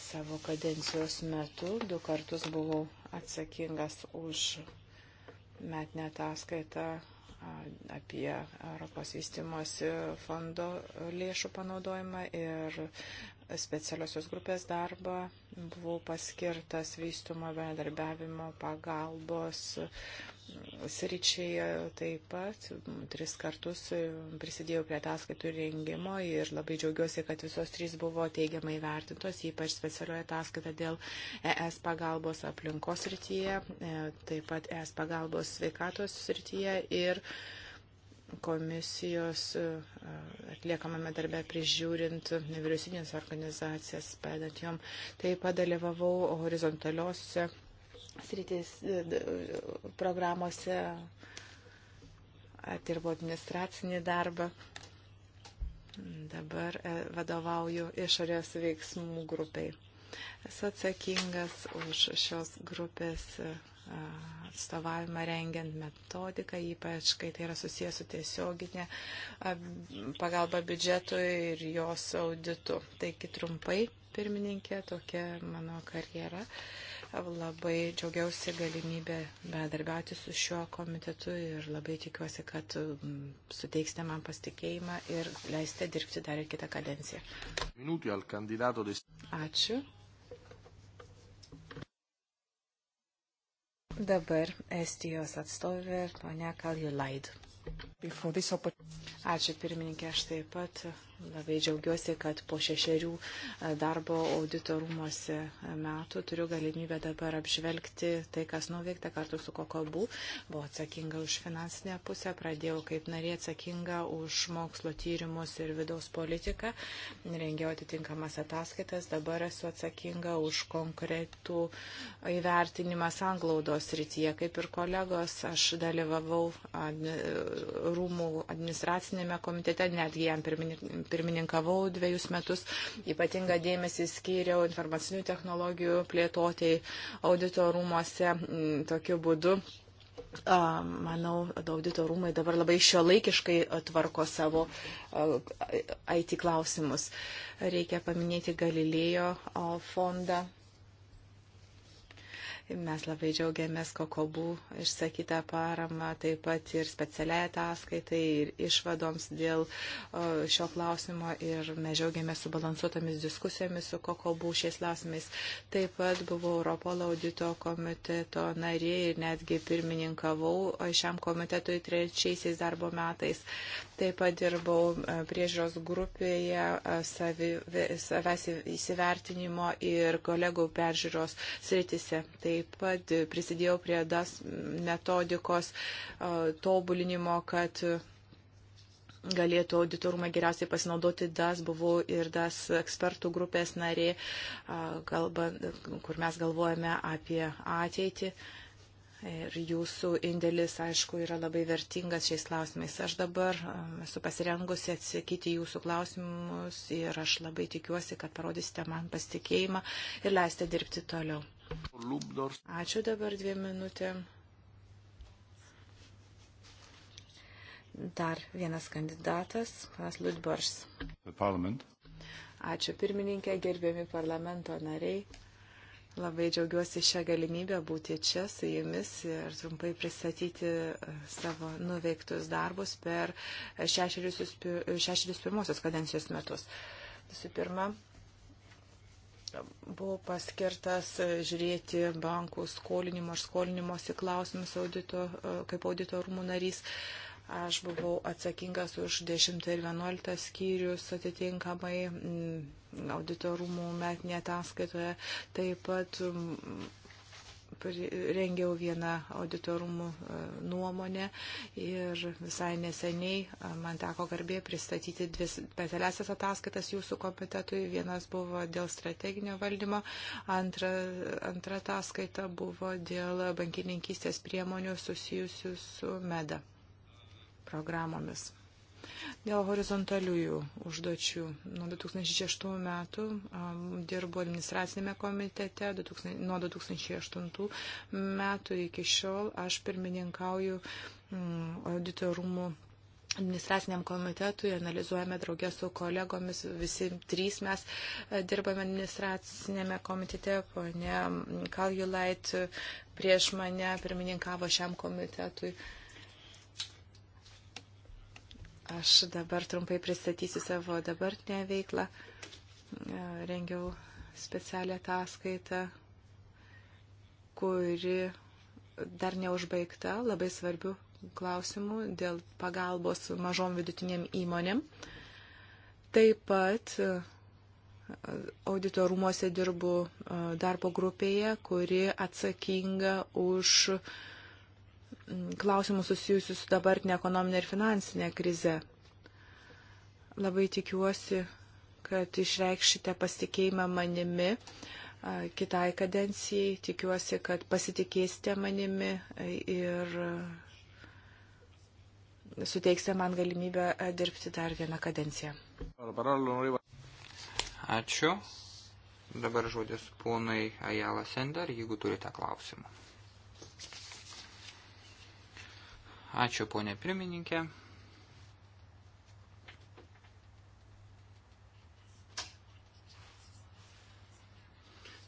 [SPEAKER 3] Savo kadencijos metu du kartus buvau atsakingas už metinę ataskaitą apie Europos vystimosi fondo lėšų panaudojimą ir specialiosios grupės darbą, buvau paskirtas vystumo bendarbiavimo pagalbos sričiai taip pat. Tris kartus prisidėjau prie ataskaitų rengimo ir labai džiaugiuosi, kad visos trys buvo teigiamai vertintos, ypač specialioje ataskaita dėl ES pagalbos aplinkos srityje, e, taip pat ES pagalbos sveikatos srityje ir uh, komisijos e, atliekamame darbe prižiūrint nevyriausybinės organizacijas, padant jom. Taip pat dalyvavau horizontaliuose sritis e, programuose, atirbo administracinį darbą. Dabar e, vadovauju išorės veiksmų grupiai. Esu atsakingas už šios grupės atstovavimą rengiant metodiką, ypač kai tai yra susijęs su tiesioginė pagalba biudžetui ir jos auditu. Taigi trumpai, pirmininkė, tokia mano karjera. Labai džiaugiausi galimybę bendarbiauti su šiuo komitetu ir labai tikiuosi, kad suteiksite man pasitikėjimą ir leisite dirbti dar ir kitą kadenciją. Ačiū. Dabar Estijos atstovė ponia Kaljulaid. Ačiū pirmininkė, aš taip pat Labai džiaugiuosi, kad po šešerių e, darbo auditorumuose e, metų turiu galimybę dabar apžvelgti tai, kas nuveikta kartu su Kokobu. Buvo atsakinga už finansinę pusę, pradėjau kaip narė atsakinga už mokslo tyrimus ir vidaus politiką, rengiau atitinkamas ataskaitas, dabar esu atsakinga už konkretų įvertinimą sanglaudos rytyje. Kaip ir kolegos, aš dalyvavau rūmų administracinėme komitete, netgi jam pirmininkavau pirmininkavau dviejus metus, ypatingą dėmesį skyriau informacinių technologijų plėtotėjai audito rūmose mm, tokiu būdu. Manau, audito rūmai dabar labai šio laikiškai tvarko savo IT klausimus. Reikia paminėti Galilėjo fondą Mes labai džiaugiamės kokobų išsakytą paramą, taip pat ir specialiai ataskaitai ir išvadoms dėl šio klausimo ir mes džiaugiamės subalansuotomis diskusijomis su kokobų šiais klausimais. Taip pat buvau Europolo audito komiteto narė ir netgi pirmininkavau šiam komitetui trečiaisiais darbo metais. Taip pat dirbau e, priežiūros grupėje e, savi, savęs įsivertinimo ir kolegų peržiūros sritise. Tai taip pat prisidėjau prie DAS metodikos tobulinimo, kad galėtų auditorumai geriausiai pasinaudoti DAS, buvau ir DAS ekspertų grupės narė, galba, kur mes galvojame apie ateitį. Ir jūsų indėlis, aišku, yra labai vertingas šiais klausimais. Aš dabar esu pasirengusi atsakyti jūsų klausimus ir aš labai tikiuosi, kad parodysite man pasitikėjimą ir leisite dirbti toliau. Ačiū dabar dviem minutėm. Dar vienas kandidatas, panas Ludbors. Ačiū pirmininkė, gerbiami parlamento nariai. Labai džiaugiuosi šią galimybę būti čia su jumis ir trumpai pristatyti e, savo nuveiktus darbus per šešerius pirmosios kadencijos metus. Visų pirma, buvo paskirtas e, žiūrėti bankų skolinimo ar skolinimosi klausimus audito, e, kaip audito rūmų narys. Aš buvau atsakingas už 10 ir 11 skyrius atitinkamai auditorumų metinė ataskaitoje. Taip pat rengiau vieną auditorumų e, nuomonę ir visai neseniai e, man teko garbė pristatyti dvi specialiasias ataskaitas jūsų komitetui. Vienas buvo dėl strateginio valdymo, antra, antra ataskaita buvo dėl bankininkystės priemonių susijusių su MEDA programomis. Dėl horizontaliųjų užduočių. Nuo 2006 metų um, dirbu administracinėme komitete, 2000, nuo 2008 metų iki šiol aš pirmininkauju um, mm, auditorumų administraciniam komitetui, analizuojame draugės su kolegomis, visi trys mes dirbame administracinėme komitete, ponė Kaljulait prieš mane pirmininkavo šiam komitetui. Uh, Aš dabar trumpai pristatysiu savo dabartinę veiklą. E, rengiau specialią ataskaitą, kuri dar neužbaigta, labai svarbių klausimų dėl pagalbos mažom vidutiniam įmonėm. Taip pat e, audito rūmose dirbu e, darbo grupėje, kuri atsakinga už uh, Mm, klausimus susijusius su dabartinė ekonominė ir finansinė krize. Labai tikiuosi, kad išreikšite pasitikėjimą manimi kitai kadencijai. Tikiuosi, kad pasitikėsite manimi ir suteiksite man galimybę dirbti dar vieną kadenciją.
[SPEAKER 1] Ačiū. Dabar žodis ponai Ajala Sender, jeigu turite klausimą. Ačiū, ponė pirmininkė.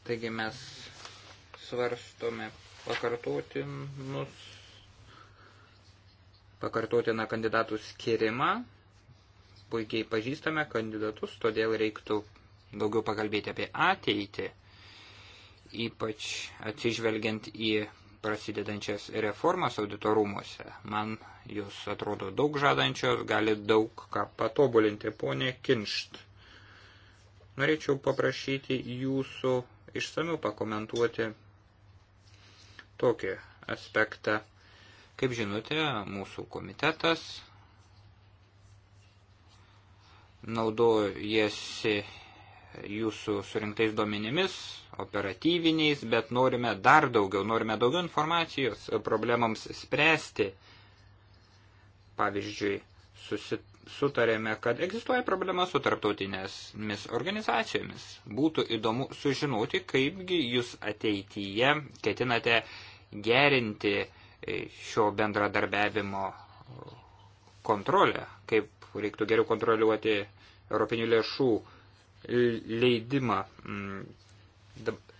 [SPEAKER 1] Taigi mes svarstome pakartotinus, pakartotiną kandidatų skirimą. Puikiai pažįstame kandidatus, todėl reiktų daugiau pakalbėti apie ateitį, ypač atsižvelgiant į prasidedančias reformas auditorumuose. Man jos atrodo daug žadančios, gali daug ką patobulinti, ponė Kinšt. Norėčiau paprašyti jūsų išsamiu pakomentuoti tokį aspektą. Kaip žinote, mūsų komitetas naudojasi jūsų surinktais duomenimis, operatyviniais, bet norime dar daugiau, norime daugiau informacijos problemams spręsti. Pavyzdžiui, susit, sutarėme, kad egzistuoja problema su tarptautinėmis organizacijomis. Būtų įdomu sužinoti, kaipgi jūs ateityje ketinate gerinti e, šio bendradarbiavimo kontrolę, kaip reiktų geriau kontroliuoti europinių lėšų leidimą. Mm,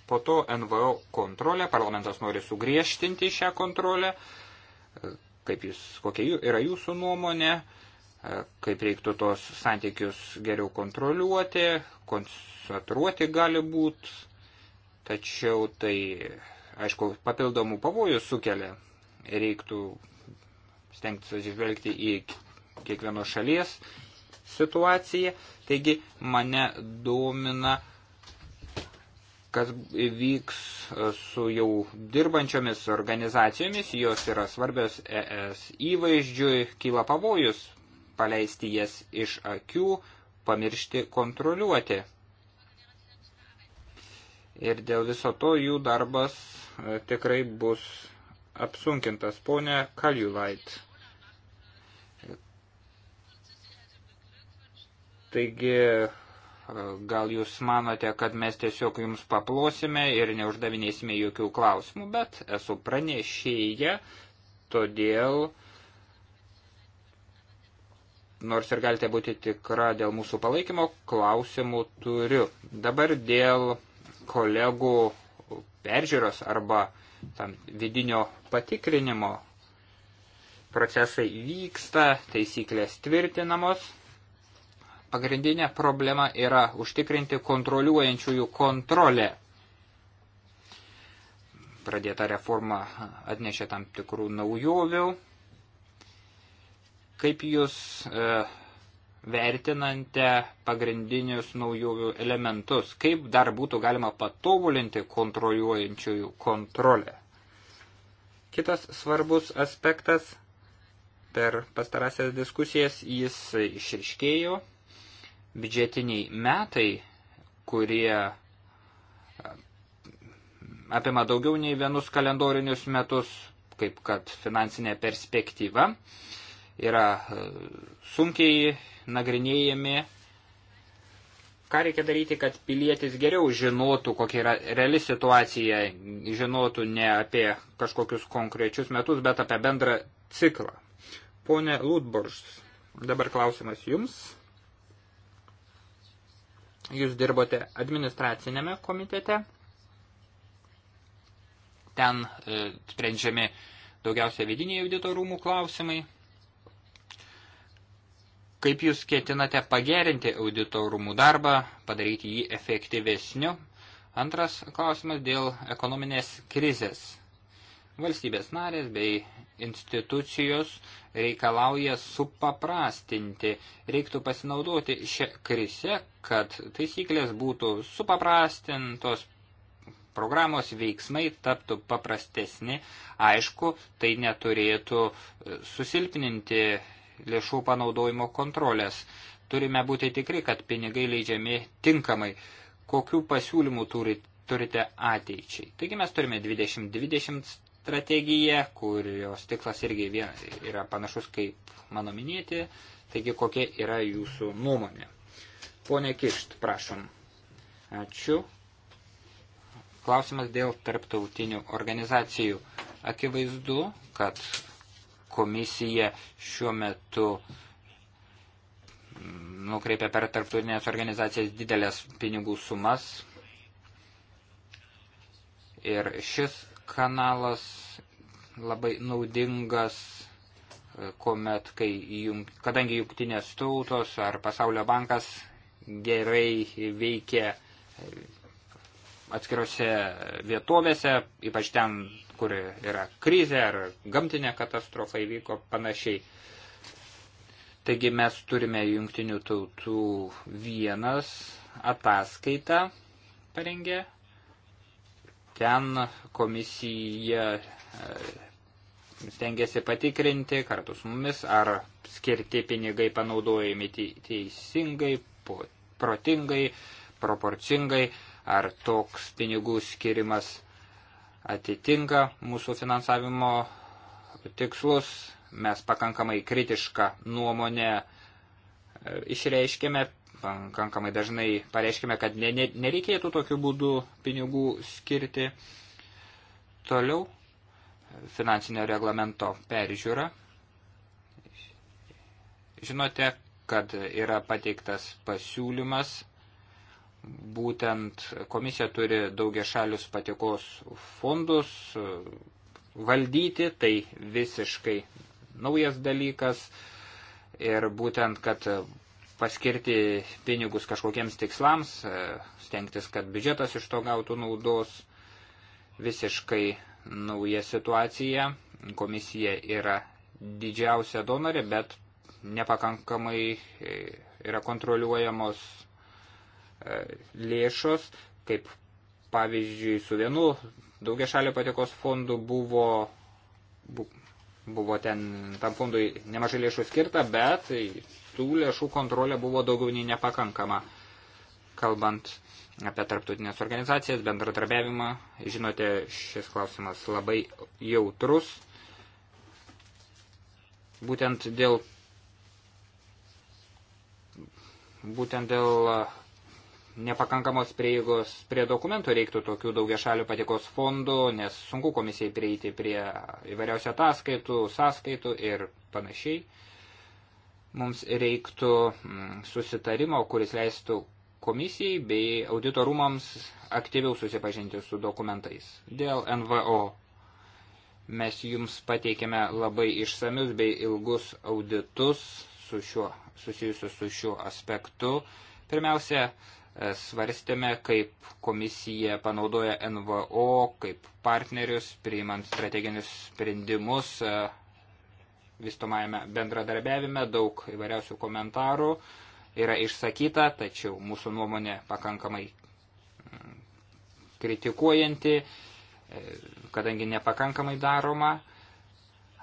[SPEAKER 1] po to NVO kontrolę, parlamentas nori sugriežtinti šią kontrolę, kaip jūs, kokia yra jūsų nuomonė, kaip reiktų tos santykius geriau kontroliuoti, koncentruoti gali būti, tačiau tai, aišku, papildomų pavojų sukelia, reiktų stengtis atsižvelgti į kiekvienos šalies situacija, taigi mane domina, kas vyks su jau dirbančiomis organizacijomis, jos yra svarbios ES įvaizdžiui, kyla pavojus paleisti jas iš akių, pamiršti kontroliuoti. Ir dėl viso to jų darbas e, tikrai bus apsunkintas. Pone Kaliulait. Taigi e, gal jūs manote, kad mes tiesiog jums paplosime ir neuždavinėsime jokių klausimų, bet esu pranešėja, todėl nors ir galite būti tikra dėl mūsų palaikymo, klausimų turiu. Dabar dėl kolegų peržiūros arba tam vidinio patikrinimo procesai vyksta, taisyklės tvirtinamos. Pagrindinė problema yra užtikrinti kontroliuojančiųjų kontrolę. Pradėta reforma atnešė tam tikrų naujovių. Kaip jūs e, vertinate pagrindinius naujovių elementus? Kaip dar būtų galima patobulinti kontroliuojančiųjų kontrolę? Kitas svarbus aspektas per pastarąsias diskusijas jis išriškėjo – biudžetiniai metai, kurie e, apima daugiau nei vienus kalendorinius metus, kaip kad finansinė perspektyva, yra e, sunkiai nagrinėjami. Ką reikia daryti, kad pilietis geriau žinotų, kokia yra reali situacija, žinotų ne apie kažkokius konkrečius metus, bet apie bendrą ciklą. Pone Lutboršs, dabar klausimas jums. Jūs dirbote administracinėme komitete. Ten e, sprendžiami daugiausia vidiniai auditorumų klausimai. Kaip jūs ketinate pagerinti auditorumų darbą, padaryti jį efektyvesniu? Antras klausimas dėl ekonominės krizės. Valstybės narės bei institucijos reikalauja supaprastinti. Reiktų pasinaudoti šią krise, kad taisyklės būtų supaprastintos, programos veiksmai taptų paprastesni. Aišku, tai neturėtų e, susilpninti lėšų panaudojimo kontrolės. Turime būti tikri, kad pinigai leidžiami tinkamai. Kokių pasiūlymų turite? turite ateičiai. Taigi mes turime 2020 strategija, kurios tikslas irgi yra panašus kaip mano minėti. Taigi, kokia yra jūsų nuomonė? Pone Kišt, prašom. Ačiū. Klausimas dėl tarptautinių organizacijų. Akivaizdu, kad komisija šiuo metu mm, nukreipia per tarptautinės organizacijas didelės pinigų sumas. Ir šis kanalas labai naudingas, e, kuomet, kai, kadangi jungtinės tautos ar pasaulio bankas gerai veikia e, atskirose vietovėse, ypač ten, kur yra krizė ar gamtinė katastrofa įvyko panašiai. Taigi mes turime jungtinių tautų vienas ataskaitą parengė Ten komisija e, stengiasi patikrinti kartu su mumis, ar skirti pinigai panaudojami teisingai, protingai, proporcingai, ar toks pinigų skirimas atitinka mūsų finansavimo tikslus. Mes pakankamai kritišką nuomonę e, išreiškėme Pankankamai dažnai pareiškime, kad ne, ne, nereikėtų tokiu būdu pinigų skirti. Toliau finansinio reglamento peržiūra. Žinote, kad yra pateiktas pasiūlymas būtent komisija turi daugia šalius patikos fondus valdyti, tai visiškai naujas dalykas ir būtent, kad paskirti pinigus kažkokiems tikslams, e, stengtis, kad biudžetas iš to gautų naudos. Visiškai nauja situacija. Komisija yra didžiausia donorė, bet nepakankamai e, yra kontroliuojamos e, lėšos, kaip pavyzdžiui su vienu daugia šalio patikos fondu buvo, buvo ten tam fondui nemažai lėšų skirta, bet tų lėšų kontrolė buvo daugiau nei nepakankama. Kalbant apie tarptautinės organizacijas, bendradarbiavimą, žinote, šis klausimas labai jautrus. Būtent dėl, būtent dėl nepakankamos prieigos prie dokumentų reiktų tokių daugiašalių patikos fondų, nes sunku komisijai prieiti prie įvairiausių ataskaitų, sąskaitų ir panašiai. Mums reiktų mm, susitarimo, kuris leistų komisijai bei auditorumams aktyviau susipažinti su dokumentais. Dėl NVO mes jums pateikėme labai išsamius bei ilgus auditus su šiuo, susijusius su šiuo aspektu. Pirmiausia, e, svarstėme, kaip komisija panaudoja NVO kaip partnerius, priimant strateginius sprendimus e, vystomajame bendradarbiavime, daug įvairiausių komentarų yra išsakyta, tačiau mūsų nuomonė pakankamai mm, kritikuojanti, e, kadangi nepakankamai daroma.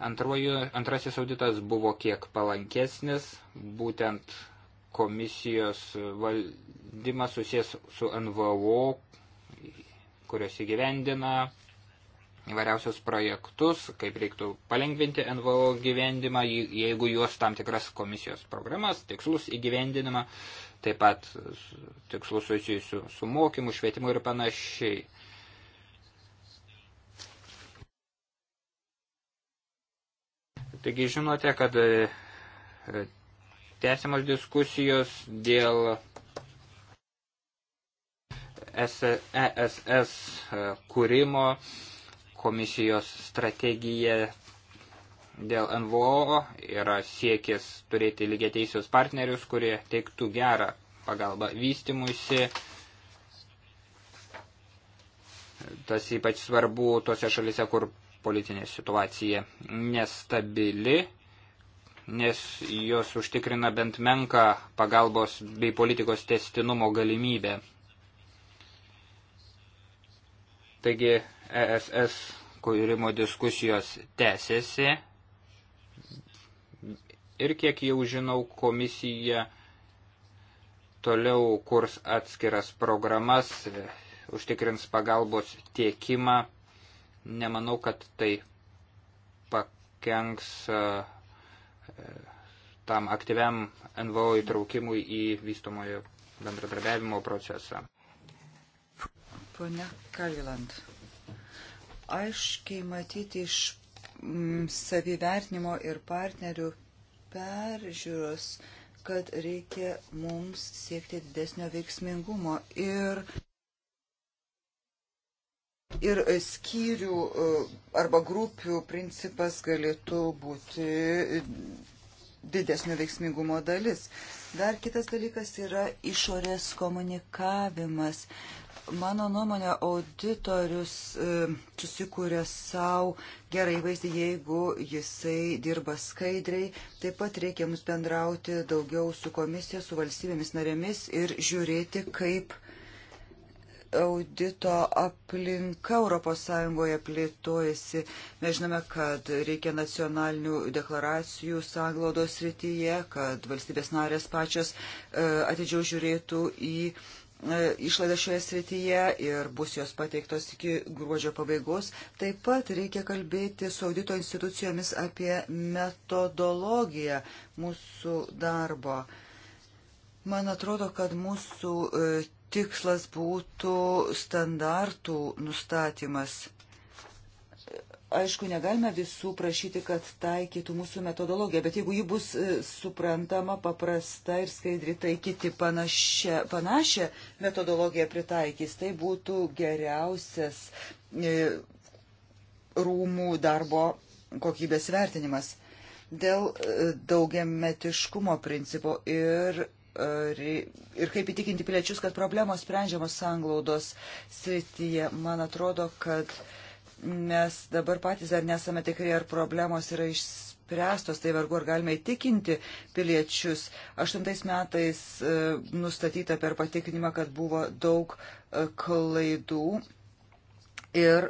[SPEAKER 1] Antruoju, antrasis auditas buvo kiek palankesnis, būtent komisijos valdymas susijęs su NVO, kurios įgyvendina įvairiausius projektus, kaip reiktų palengvinti NVO gyvendimą, jeigu juos tam tikras komisijos programas, tikslus įgyvendinimą, taip pat tikslus susijusių su mokymu, švietimu ir panašiai. Taigi žinote, kad e, tęsiamas diskusijos dėl ESS e kūrimo komisijos strategija dėl NVO yra siekis turėti lygiateisius partnerius, kurie teiktų gerą pagalbą vystimuisi. Tas ypač svarbu tose šalise, kur politinė situacija nestabili, nes jos užtikrina bent menką pagalbos bei politikos testinumo galimybę. Taigi ESS kūrimo diskusijos tęsiasi ir kiek jau žinau, komisija toliau kurs atskiras programas, užtikrins pagalbos tiekimą. Nemanau, kad tai pakenks e, tam aktyviam NVO įtraukimui į vystomojo bendradarbiavimo procesą.
[SPEAKER 2] Pone Kaliland, aiškiai matyti iš mm, savivertinimo ir partnerių peržiūros, kad reikia mums siekti didesnio veiksmingumo ir, ir skyrių e, arba grupių principas galėtų būti didesnio veiksmingumo dalis. Dar kitas dalykas yra išorės komunikavimas. Mano nuomonė, auditorius e, susikūrė savo gerai vaizdį, jeigu jisai dirba skaidriai. Taip pat reikia mums bendrauti daugiau su komisija, su valstybėmis narėmis ir žiūrėti, kaip audito aplinka ES plėtojasi. Mes žinome, kad reikia nacionalinių deklaracijų sąglaudos rytyje, kad valstybės narės pačios e, atidžiau žiūrėtų į E, išlaidas šioje srityje ir bus jos pateiktos iki gruodžio pabaigos. Taip pat reikia kalbėti su audito institucijomis apie metodologiją mūsų darbo. Man atrodo, kad mūsų e, tikslas būtų standartų nustatymas aišku, negalime visų prašyti, kad taikytų mūsų metodologiją, bet jeigu ji bus e, suprantama, paprasta ir skaidri, tai kiti panašią, panašią metodologiją pritaikys. Tai būtų geriausias e, rūmų darbo kokybės vertinimas. Dėl e, daugiametiškumo principo ir ir kaip įtikinti piliečius, kad problemos sprendžiamos sanglaudos srityje. Man atrodo, kad uh, mes dabar patys dar nesame tikri, ar problemos yra išspręstos, tai vargu ar galime įtikinti piliečius. Aštuntais metais e, nustatyta per patikrinimą, kad buvo daug e, klaidų ir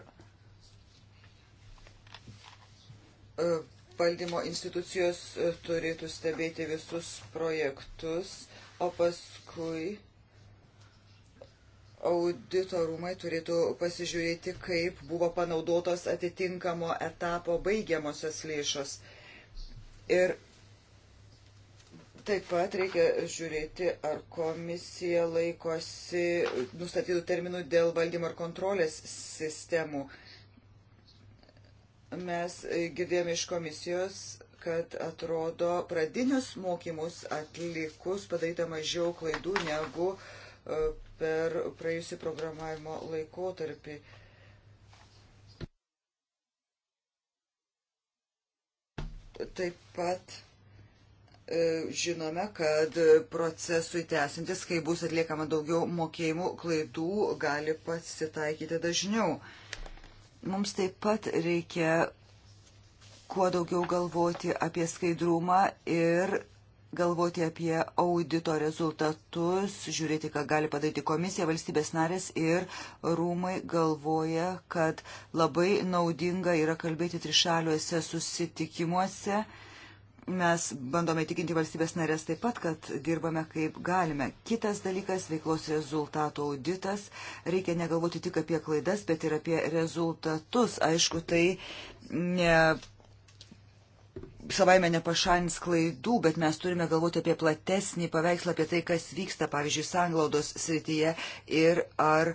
[SPEAKER 2] e, valdymo institucijos turėtų stebėti visus projektus, o paskui audito rūmai turėtų pasižiūrėti, kaip buvo panaudotos atitinkamo etapo baigiamosios lėšos. Ir taip pat reikia žiūrėti, ar komisija laikosi nustatytų terminų dėl valdymo ir kontrolės sistemų. Mes girdėjome iš komisijos kad atrodo pradinius mokymus atlikus padaryta mažiau klaidų negu e, per praėjusį programavimo laikotarpį. Taip pat e, žinome, kad procesui tęsintis, kai bus atliekama daugiau mokėjimų klaidų, gali pasitaikyti dažniau. Mums taip pat reikia kuo daugiau galvoti apie skaidrumą ir galvoti apie audito rezultatus, žiūrėti, ką gali padaryti komisija, valstybės narės ir rūmai galvoja, kad labai naudinga yra kalbėti trišaliuose susitikimuose mes bandome tikinti valstybės narės taip pat, kad dirbame kaip galime. Kitas dalykas - veiklos rezultatų auditas. Reikia negalvoti tik apie klaidas, bet ir apie rezultatus. Aišku, tai ne savaime nepašalins klaidų, bet mes turime galvoti apie platesnį paveikslą, apie tai, kas vyksta, pavyzdžiui, sanglaudos srityje ir ar e,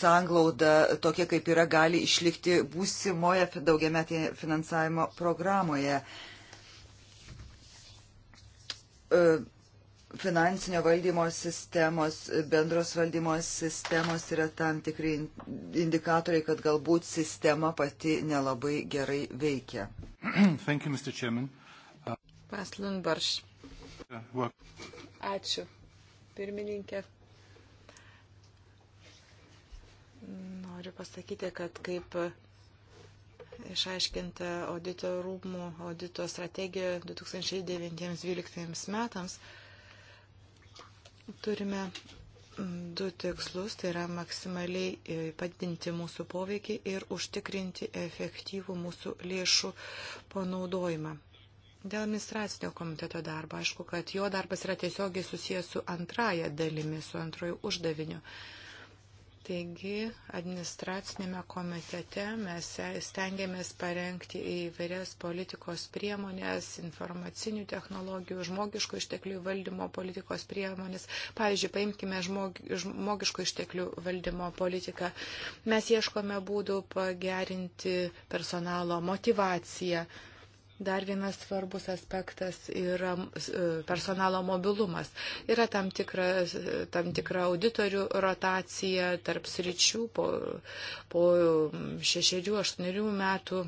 [SPEAKER 2] sanglauda tokia, kaip yra, gali išlikti būsimoje daugiametėje finansavimo programoje. E, finansinio valdymo sistemos, bendros valdymo sistemos yra tam tikri indikatoriai, kad galbūt sistema pati nelabai gerai veikia.
[SPEAKER 3] Thank you, Mr. Chairman. Uh... Pas Lundbarš. Ačiū, pirmininkė. Noriu pasakyti, kad kaip išaiškinta audito rūmų audito strategija 2009-2012 metams, Turime mm, du tikslus, tai yra maksimaliai e, padinti mūsų poveikį ir užtikrinti efektyvų mūsų lėšų panaudojimą. Dėl administracinio komiteto darbo, aišku, kad jo darbas yra tiesiogiai susijęs su antraja dalimi, su antroju uždaviniu. Uh, Taigi administracinėme komitete mes stengiamės parengti įvairias politikos priemonės, informacinių technologijų, žmogiškų išteklių valdymo politikos priemonės. Pavyzdžiui, paimkime žmogiškų išteklių valdymo politiką. Mes ieškome būdų pagerinti personalo motivaciją Dar vienas svarbus aspektas yra e, personalo mobilumas. Yra tam tikra, tam tikra auditorių rotacija tarp sričių po, po šešerių, aštuonerių metų.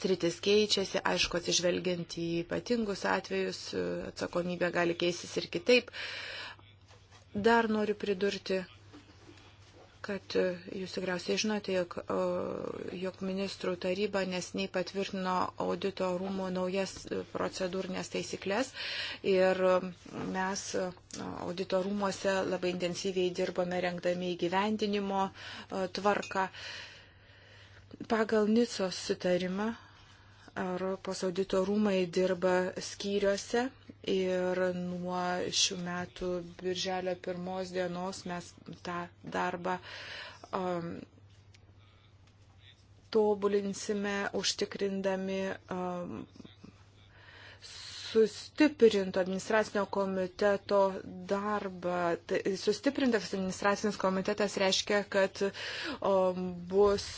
[SPEAKER 3] Sritis keičiasi, aišku, atsižvelgiant į ypatingus atvejus, e, atsakomybė gali keistis ir kitaip. Dar noriu pridurti, kad e, jūs tikriausiai žinote, jog, jog ministrų taryba nesnei patvirtino audito rūmų naujas e, procedūrinės taisyklės ir e, mes audito rūmose labai intensyviai dirbame rengdami įgyvendinimo tvarką. Pagal Nicos sutarimą Europos audito rūmai dirba skyriuose ir nuo šių metų birželio pirmos dienos mes tą darbą um, tobulinsime, užtikrindami um, sustiprinto administracinio komiteto darbą. Tai, sustiprintas administracinis komitetas reiškia, kad um, bus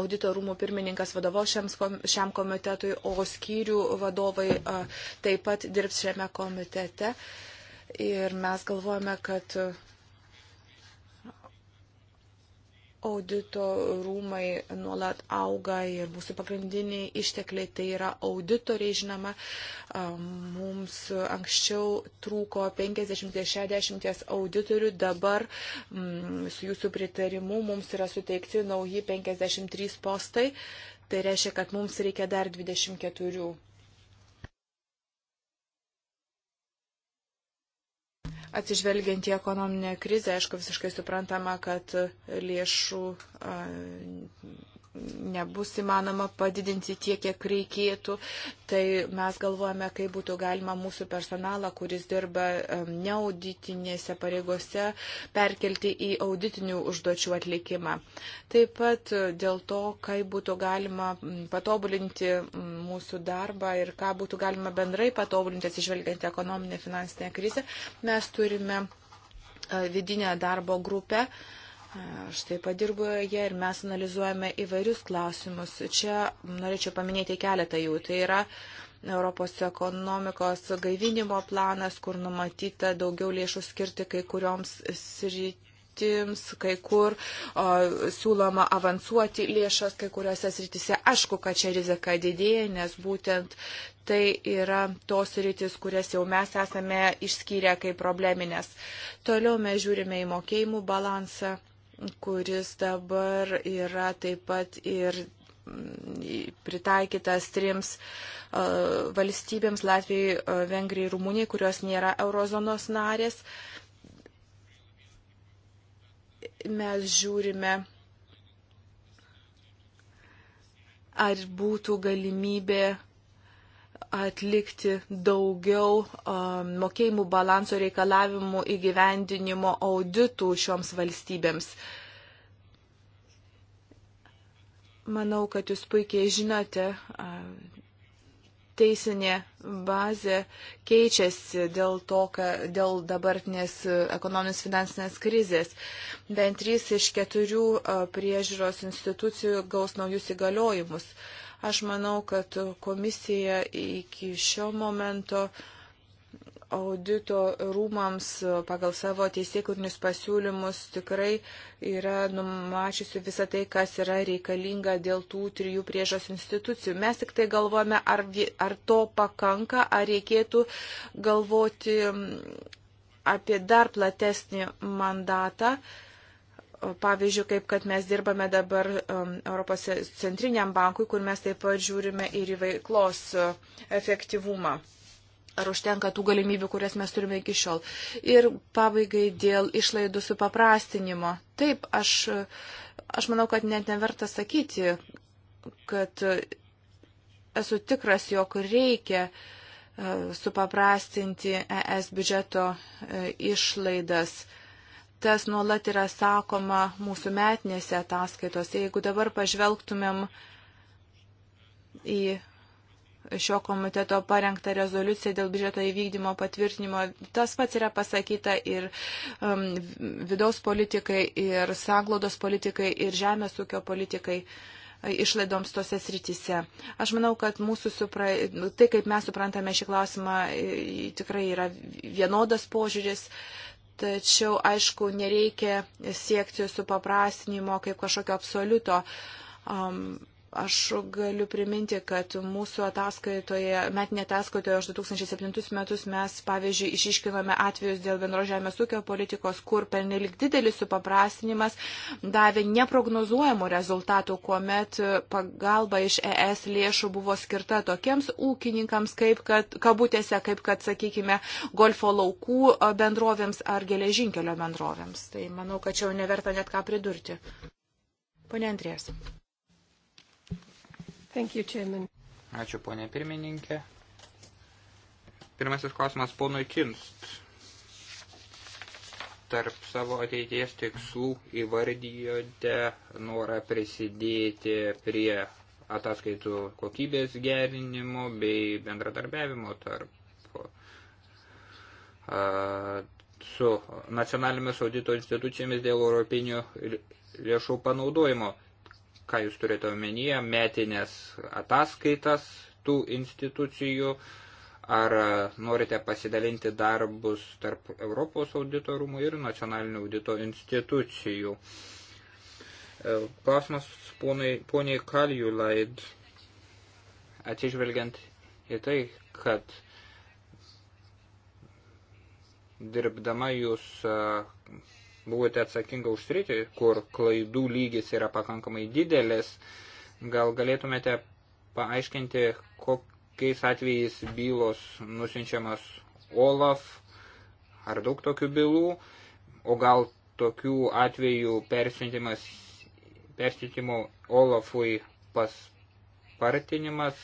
[SPEAKER 3] audito rūmų pirmininkas vadovo šiam komitetui, o skyrių vadovai taip pat dirbs šiame komitete. Ir mes galvojame, kad audito rūmai nuolat auga ir mūsų pagrindiniai ištekliai tai yra auditoriai, žinoma, mums anksčiau trūko 50-60 auditorių, dabar m, mm, su jūsų pritarimu mums yra suteikti nauji 53 postai, tai reiškia, kad mums reikia dar 24. Atsižvelgiant į ekonominę krizę, aišku, visiškai suprantama, kad lėšų nebus įmanoma padidinti tiek, kiek reikėtų, tai mes galvojame, kaip būtų galima mūsų personalą, kuris dirba neauditinėse pareigose, perkelti į auditinių užduočių atlikimą. Taip pat e, dėl to, kaip būtų galima patobulinti mūsų darbą ir ką būtų galima bendrai patobulinti, atsižvelgiant ekonominę finansinę krizę, mes turime e, vidinę darbo grupę, Aš taip pat dirbu joje ir mes analizuojame įvairius klausimus. Čia norėčiau paminėti keletą jų. Tai yra Europos ekonomikos gaivinimo planas, kur numatyta daugiau lėšų skirti kai kurioms sritims, kai kur o, siūloma avansuoti lėšas, kai kuriuose sritise. Aišku, kad čia rizika didėja, nes būtent tai yra tos rytis, kurias jau mes esame išskyrę kaip probleminės. Toliau mes žiūrime į mokėjimų balansą kuris dabar yra taip pat ir mm, pritaikytas trims e, valstybėms - Latvijai, e, Vengrijai, Rumunijai, kurios nėra eurozonos narės. Mes žiūrime, ar būtų galimybė atlikti daugiau um, mokėjimų balanso reikalavimų įgyvendinimo auditų šioms valstybėms. Manau, kad jūs puikiai žinote, teisinė bazė keičiasi dėl, to, ka, dėl dabartinės ekonominės finansinės krizės. Bent trys iš keturių priežiūros institucijų gaus naujus įgaliojimus. Uh, Aš manau, kad komisija iki šio momento audito rūmams pagal savo teisėkurnius pasiūlymus tikrai yra numačiusi visą tai, kas yra reikalinga dėl tų trijų priežas institucijų. Mes tik tai galvojame, ar, ar to pakanka, ar reikėtų galvoti mm, apie dar platesnį mandatą. Uh, pavyzdžių, kaip kad mes dirbame dabar um, Europos centriniam bankui, kur mes taip pat žiūrime ir į veiklos uh, efektyvumą ar užtenka tų galimybių, kurias mes turime iki šiol. Ir pabaigai dėl išlaidų supaprastinimo. Taip, aš, uh, aš manau, kad net neverta sakyti, kad uh, esu tikras, jog reikia supaprastinti ES biudžeto išlaidas. Uh, tas nuolat yra sakoma mūsų metinėse ataskaitose. Jeigu dabar pažvelgtumėm į šio komiteto parengtą rezoliuciją dėl biudžeto įvykdymo patvirtinimo, tas pats yra pasakyta ir um, vidaus politikai, ir sanglodos politikai, ir žemės ūkio politikai e, išlaidoms tose srityse. Aš manau, kad mūsų supra... tai, kaip mes suprantame šį klausimą, e, tikrai yra vienodas požiūris. Tačiau, aišku, nereikia siekti supaprastinimo kaip kažkokio absoliuto. Um, Aš galiu priminti, kad mūsų ataskaitoje, metinė ataskaitoje už 2007 metus mes, pavyzdžiui, išiškinome atvejus dėl bendro žemės ūkio politikos, kur pernelik didelis supaprastinimas davė neprognozuojamų rezultatų, kuomet pagalba iš ES lėšų buvo skirta tokiems ūkininkams, kaip kad, kabutėse, kaip kad, sakykime, golfo laukų bendrovėms ar geležinkelio bendrovėms. Tai manau, kad čia jau neverta net ką pridurti. Pone Andrės. Thank you, Chairman.
[SPEAKER 1] Ačiū, ponė pirmininkė. Pirmasis klausimas ponui Kinst. Tarp savo ateities tikslų įvardijote norą prisidėti prie ataskaitų kokybės gerinimo bei bendradarbiavimo tarp a, su nacionalinėmis audito institucijomis dėl europinių lėšų panaudojimo ką jūs turite omenyje, metinės ataskaitas tų institucijų, ar norite pasidalinti darbus tarp Europos audito rūmų ir nacionalinio audito institucijų. E, klausimas poniai, poniai Kaljulaid, atsižvelgiant į tai, kad dirbdama jūs e, buvote atsakinga už sritį, kur klaidų lygis yra pakankamai didelis. Gal galėtumėte paaiškinti, kokiais atvejais bylos nusinčiamas Olaf, ar daug tokių bylų, o gal tokių atvejų persiuntimas, persiuntimo Olafui paspartinimas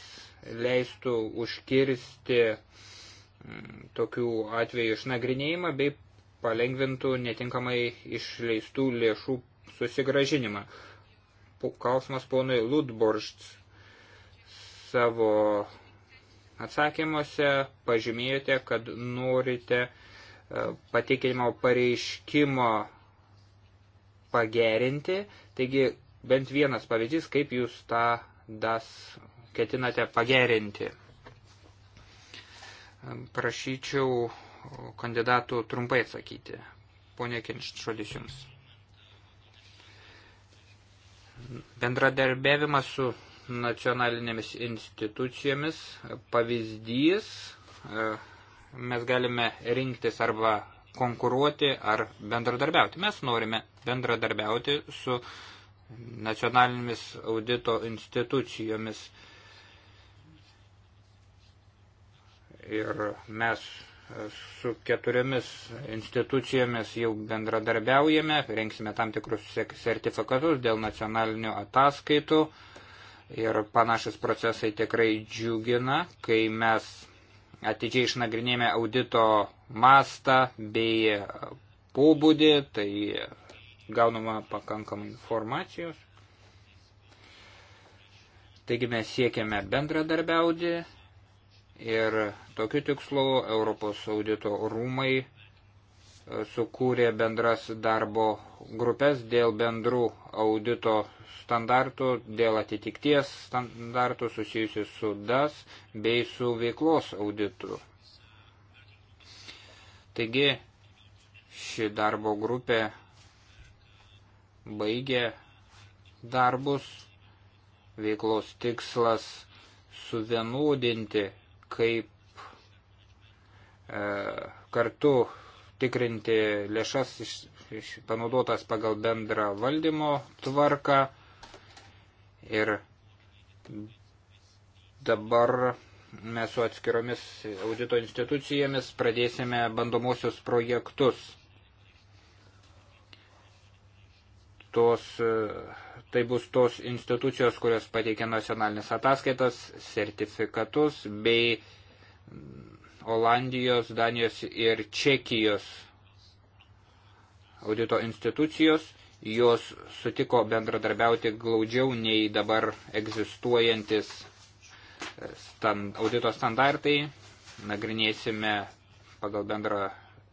[SPEAKER 1] leistų užkirsti mm, tokių atvejų išnagrinėjimą bei palengvintų netinkamai išleistų lėšų susigražinimą. Klausimas ponui Ludboršts savo atsakymuose pažymėjote, kad norite e, patikinimo pareiškimo pagerinti. Taigi bent vienas pavyzdys, kaip jūs tą das ketinate pagerinti. Prašyčiau kandidatų trumpai atsakyti. Pone Kenšt, šodis jums. Bendradarbiavimas su nacionalinėmis institucijomis pavyzdys. E, mes galime rinktis arba konkuruoti ar bendradarbiauti. Mes norime bendradarbiauti su nacionalinėmis audito institucijomis. Ir mes su keturiomis institucijomis jau bendradarbiaujame, rengsime tam tikrus sertifikatus dėl nacionalinių ataskaitų ir panašus procesai tikrai džiugina, kai mes atidžiai išnagrinėjame audito mastą bei pobūdį, tai gaunama pakankamai informacijos. Taigi mes siekiame bendradarbiauti Ir tokiu tikslu Europos audito rūmai e, sukūrė bendras darbo grupės dėl bendrų audito standartų, dėl atitikties standartų susijusių su DAS bei su veiklos auditu. Taigi ši darbo grupė baigė darbus, veiklos tikslas suvienodinti kaip e, kartu tikrinti lėšas iš, iš, panaudotas pagal bendrą valdymo tvarką. Ir dabar mes su atskiromis audito institucijomis pradėsime bandomosius projektus. Tos uh, Tai bus tos institucijos, kurios pateikia nacionalinės ataskaitas, sertifikatus bei mm, Olandijos, Danijos ir Čekijos audito institucijos. Jos sutiko bendradarbiauti glaudžiau nei dabar egzistuojantis e, stand, audito standartai. Nagrinėsime pagal bendrą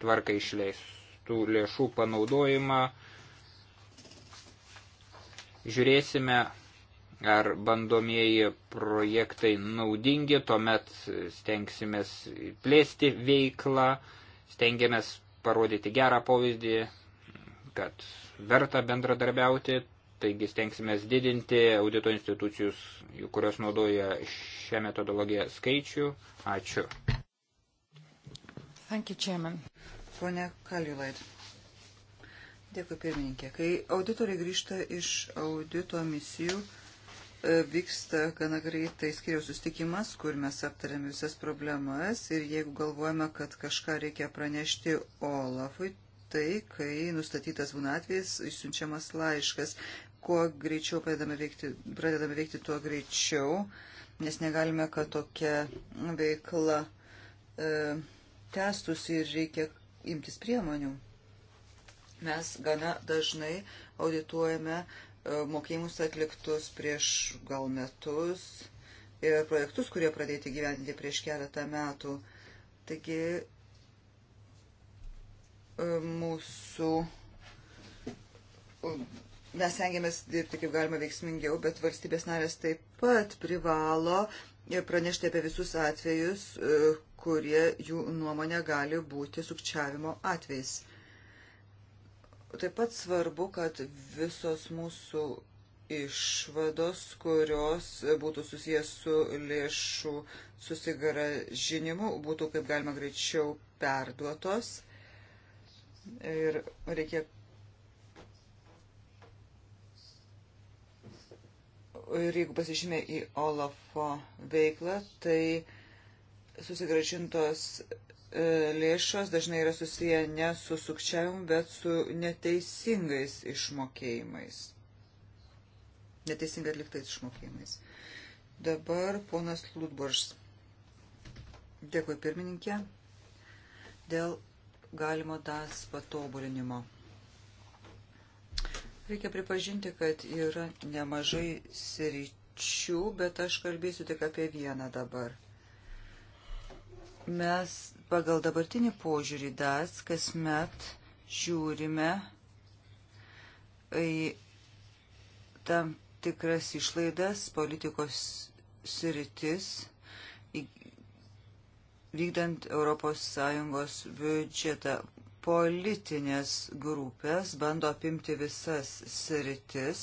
[SPEAKER 1] tvarką išleistų lėšų panaudojimą Žiūrėsime, ar bandomieji projektai naudingi, tuomet stengsimės plėsti veiklą, stengiamės parodyti gerą pavyzdį, kad verta bendradarbiauti, taigi stengsimės didinti audito institucijus, kurios naudoja šią metodologiją skaičių. Ačiū.
[SPEAKER 2] Thank you, Chairman. Pone Kaliulaid. Dėkui pirmininkė. Kai auditoriai grįžta iš audito misijų, e, vyksta gana greitai skiriaus sustikimas, kur mes aptarėme visas problemas ir jeigu galvojame, kad kažką reikia pranešti Olafui, tai kai nustatytas būna atvejis, išsiunčiamas laiškas, kuo greičiau pradedame veikti, pradedame veikti tuo greičiau, nes negalime, kad tokia veikla e, testusi ir reikia imtis priemonių. Mes gana dažnai audituojame e, mokėjimus atliktus prieš gal metus ir projektus, kurie pradėti gyventi prieš keletą metų. Taigi e, mūsų. Mes stengiamės dirbti kaip galima veiksmingiau, bet valstybės narės taip pat privalo pranešti apie visus atvejus, e, kurie jų nuomonė gali būti sukčiavimo atvejais. Taip pat svarbu, kad visos mūsų išvados, kurios būtų susijęs su lėšų susigražinimu, būtų kaip galima greičiau perduotos. Ir reikia. Ir jeigu pasižymė į Olafo veiklą, tai susigražintos E, lėšos dažnai yra susiję ne su sukčiavimu, bet su neteisingais išmokėjimais. Neteisingai atliktais išmokėjimais. Dabar ponas Ludboržs. Dėkui pirmininkė dėl galimo DAS patobulinimo. Reikia pripažinti, kad yra nemažai sričių, bet aš kalbėsiu tik apie vieną dabar. Mes pagal dabartinį požiūrį DAS kasmet žiūrime į tam tikras išlaidas, politikos sritis, vykdant ES biudžetą. Politinės grupės bando apimti visas sritis.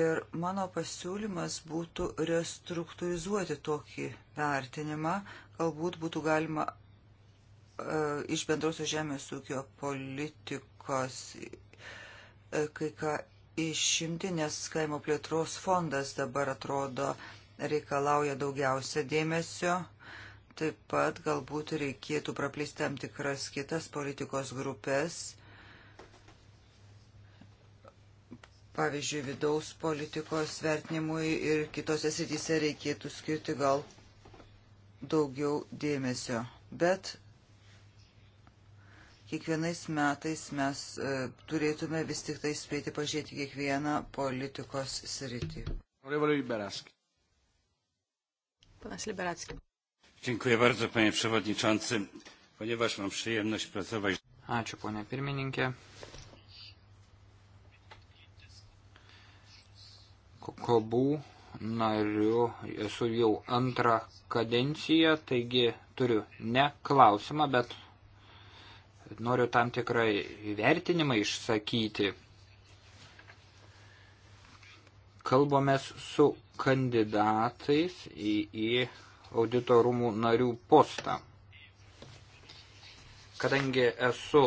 [SPEAKER 2] Ir mano pasiūlymas būtų restruktūrizuoti tokį vertinimą, galbūt būtų galima uh, iš bendrosios žemės ūkio politikos uh, kai ką išimti, nes kaimo plėtros fondas dabar atrodo reikalauja daugiausia dėmesio. Taip pat galbūt reikėtų praplėsti tam tikras kitas politikos grupės. pavyzdžiui, vidaus politikos vertinimui ir kitose srityse reikėtų skirti gal daugiau dėmesio. Bet kiekvienais metais mes e, turėtume vis tik tai spėti pažiūrėti kiekvieną politikos sritį.
[SPEAKER 3] Panas Liberacki.
[SPEAKER 1] Dziękuję bardzo, panie przewodniczący, ponieważ mam przyjemność pracować. Ačiū, ponia pirmininkė. Kobų nariu esu jau antrą kadenciją, taigi turiu ne klausimą, bet noriu tam tikrą įvertinimą išsakyti. Kalbomės su kandidatais į, į auditorumų narių postą. Kadangi esu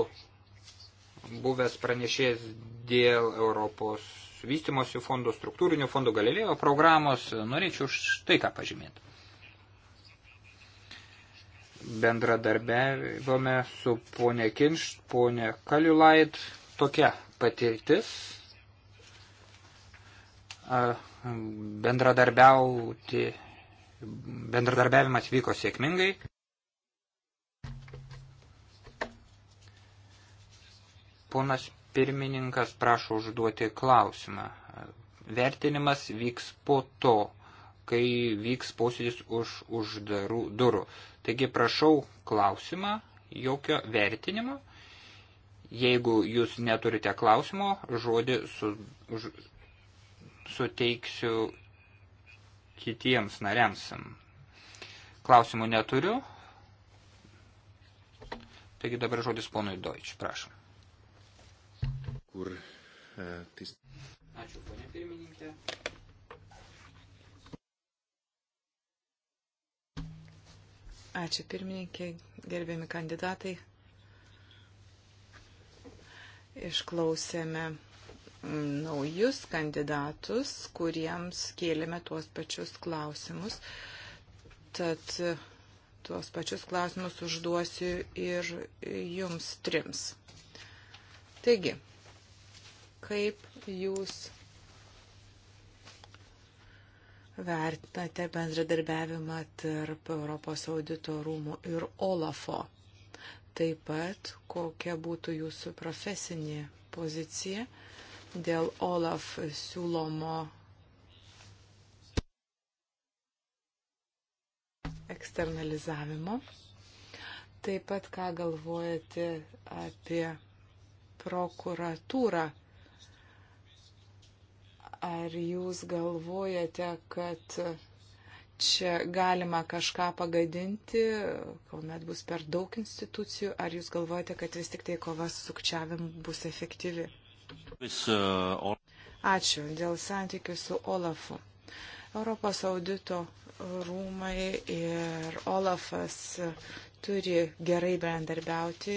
[SPEAKER 1] buvęs pranešėjęs dėl Europos vystimosi fondų, struktūrinių fondų, Galilėjo programos, norėčiau štai ką pažymėti. Bendradarbiavome su ponė Kinš, ponė Kaliulait, tokia patirtis. Bendradarbiauti, bendradarbiavimas vyko sėkmingai. Ponas Pirmininkas prašo užduoti klausimą. Vertinimas vyks po to, kai vyks posėdis už uždarų durų. Taigi prašau klausimą, jokio vertinimo. Jeigu jūs neturite klausimo, žodį su, už, suteiksiu kitiems nariams. Klausimų neturiu. Taigi dabar žodis ponui Deutsch, prašom kur e, tais. Ačiū, ponė pirmininkė.
[SPEAKER 3] Ačiū pirmininkė, gerbiami kandidatai. Išklausėme naujus kandidatus, kuriems kėlėme tuos pačius klausimus. Tad tuos pačius klausimus užduosiu ir jums trims. Taigi, kaip jūs vertinate bendradarbiavimą tarp Europos audito rūmų ir Olafo. Taip pat, kokia būtų jūsų profesinė pozicija dėl Olaf siūlomo eksternalizavimo. Taip pat, ką galvojate apie prokuratūrą ar jūs galvojate, kad čia galima kažką pagadinti, kuomet bus per daug institucijų, ar jūs galvojate, kad vis tik tai kova su sukčiavimu bus efektyvi? Ačiū dėl santykių su Olafu. Europos audito rūmai ir Olafas turi gerai bendarbiauti,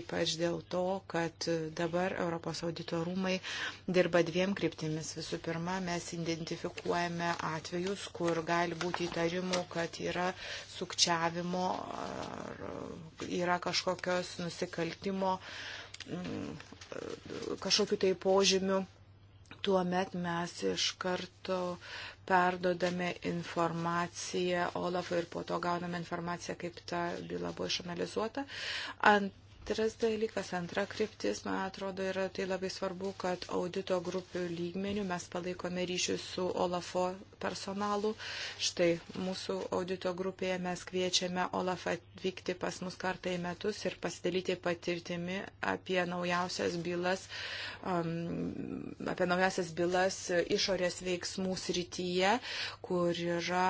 [SPEAKER 3] ypač dėl to, kad dabar Europos audito rūmai dirba dviem kryptimis. Visų pirma, mes identifikuojame atvejus, kur gali būti įtarimų, kad yra sukčiavimo, yra kažkokios nusikaltimo, mm, kažkokiu tai požymiu tuomet mes iš karto perdodame informaciją Olafui ir po to gauname informaciją, kaip ta byla buvo išanalizuota. Antras dalykas, antra kryptis, man atrodo, yra tai labai svarbu, kad audito grupių lygmenių mes palaikome ryšius su Olafo personalu. Štai mūsų audito grupėje mes kviečiame Olafą atvykti pas mus kartą į metus ir pasidalyti patirtimi apie naujausias bylas um, apie naujasias bylas išorės veiksmų srityje, kur yra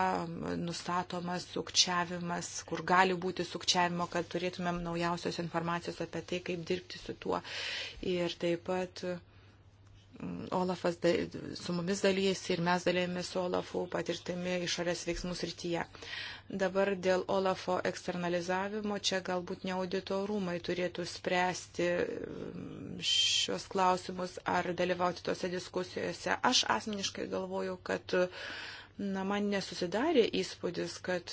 [SPEAKER 3] nustatomas sukčiavimas, kur gali būti sukčiavimo, kad turėtumėm naujausios informacijos apie tai, kaip dirbti su tuo. Ir taip pat. Uh, Olafas su mumis dalyjasi ir mes dalyjame su Olafu patirtimi išorės veiksmų srityje. Dabar dėl Olafo eksternalizavimo čia galbūt ne auditorumai turėtų spręsti mm, šios klausimus ar dalyvauti tose diskusijose. Aš asmeniškai galvoju, kad uh, Na, man nesusidarė įspūdis, kad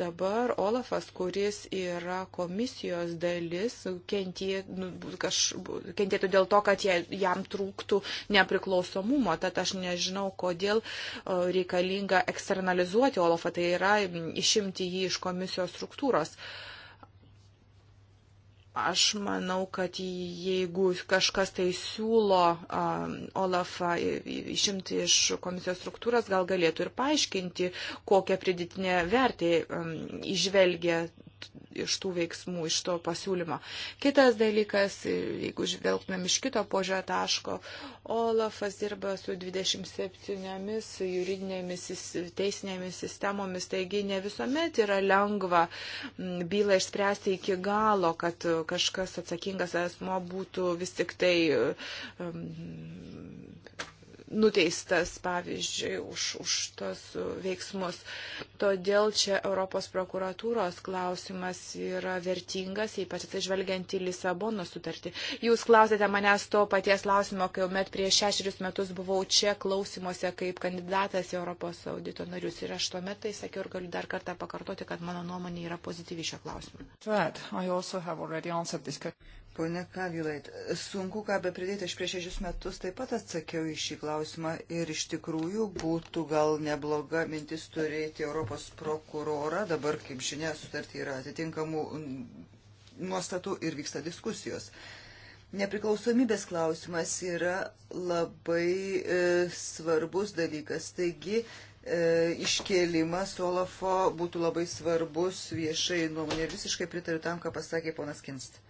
[SPEAKER 3] dabar Olafas, kuris yra komisijos dalis, kentie, nu, kaž, kentėtų dėl to, kad jie, jam trūktų nepriklausomumo. Tad aš nežinau, kodėl reikalinga eksternalizuoti Olafą, tai yra išimti jį iš komisijos struktūros. Uh, Aš manau, kad jeigu kažkas tai siūlo um, Olafą išimti iš komisijos struktūros, gal galėtų ir paaiškinti, kokią pridėtinę vertę um, išvelgia iš tų veiksmų, iš to pasiūlymo. Kitas dalykas, jeigu žvelgtumėm iš kito požiūrio taško, Olafas dirba su 27 su juridinėmis teisinėmis sistemomis, taigi ne visuomet yra lengva mm, bylą išspręsti iki galo, kad kažkas atsakingas asmo būtų vis tik tai um, nuteistas, pavyzdžiui, už, už tos veiksmus. Todėl čia Europos prokuratūros klausimas yra vertingas, ypač atsižvelgiant į Lisabono sutartį. Jūs klausėte manęs to paties klausimo, kai jau met prieš šešerius metus buvau čia klausimuose kaip kandidatas į Europos audito narius ir aš tuomet tai sakiau ir galiu dar kartą pakartoti, kad mano nuomonė yra pozityvi šio klausimu.
[SPEAKER 2] Pone Kavilait, sunku ką be pridėti, aš prieš šešius metus taip pat atsakiau į šį klausimą ir iš tikrųjų būtų gal nebloga mintis turėti Europos prokurorą, dabar kaip žinia sutartį yra atitinkamų nuostatų ir vyksta diskusijos. Nepriklausomybės klausimas yra labai e, svarbus dalykas, taigi e, iškėlimas Olafo būtų labai svarbus viešai nuomonė ir visiškai pritariu tam, ką pasakė ponas Kinst.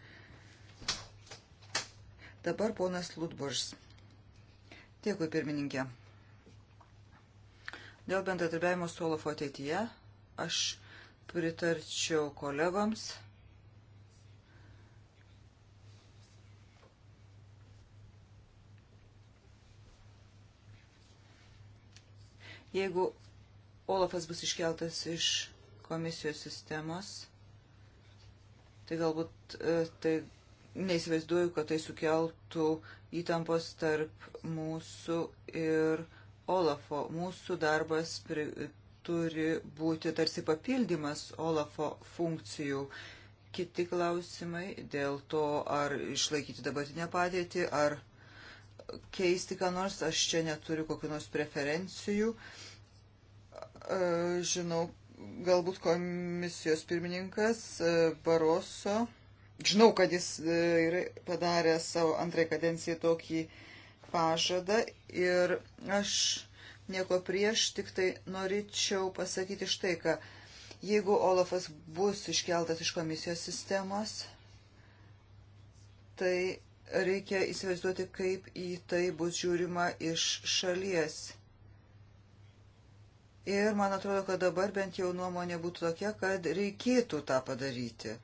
[SPEAKER 2] Dabar ponas Lutbors. Dėkui, pirmininkė. Dėl bendradarbiavimo su Olafo ateityje aš pritarčiau kolegoms. Jeigu Olafas bus iškeltas iš komisijos sistemos, tai galbūt e, tai neįsivaizduoju, kad tai sukeltų įtampos tarp mūsų ir Olafo. Mūsų darbas pri, turi būti tarsi papildymas Olafo funkcijų. Kiti klausimai dėl to, ar išlaikyti dabartinę padėtį, ar keisti ką nors, aš čia neturiu kokių nors preferencijų. E, žinau, galbūt komisijos pirmininkas e, Baroso žinau, kad jis e, yra padaręs savo antrąją kadenciją tokį pažadą ir aš nieko prieš, tik tai norėčiau pasakyti štai ką. Jeigu Olafas bus iškeltas iš komisijos sistemos, tai reikia įsivaizduoti, kaip į tai bus žiūrima iš šalies. Ir man atrodo, kad dabar bent jau nuomonė būtų tokia, kad reikėtų tą padaryti.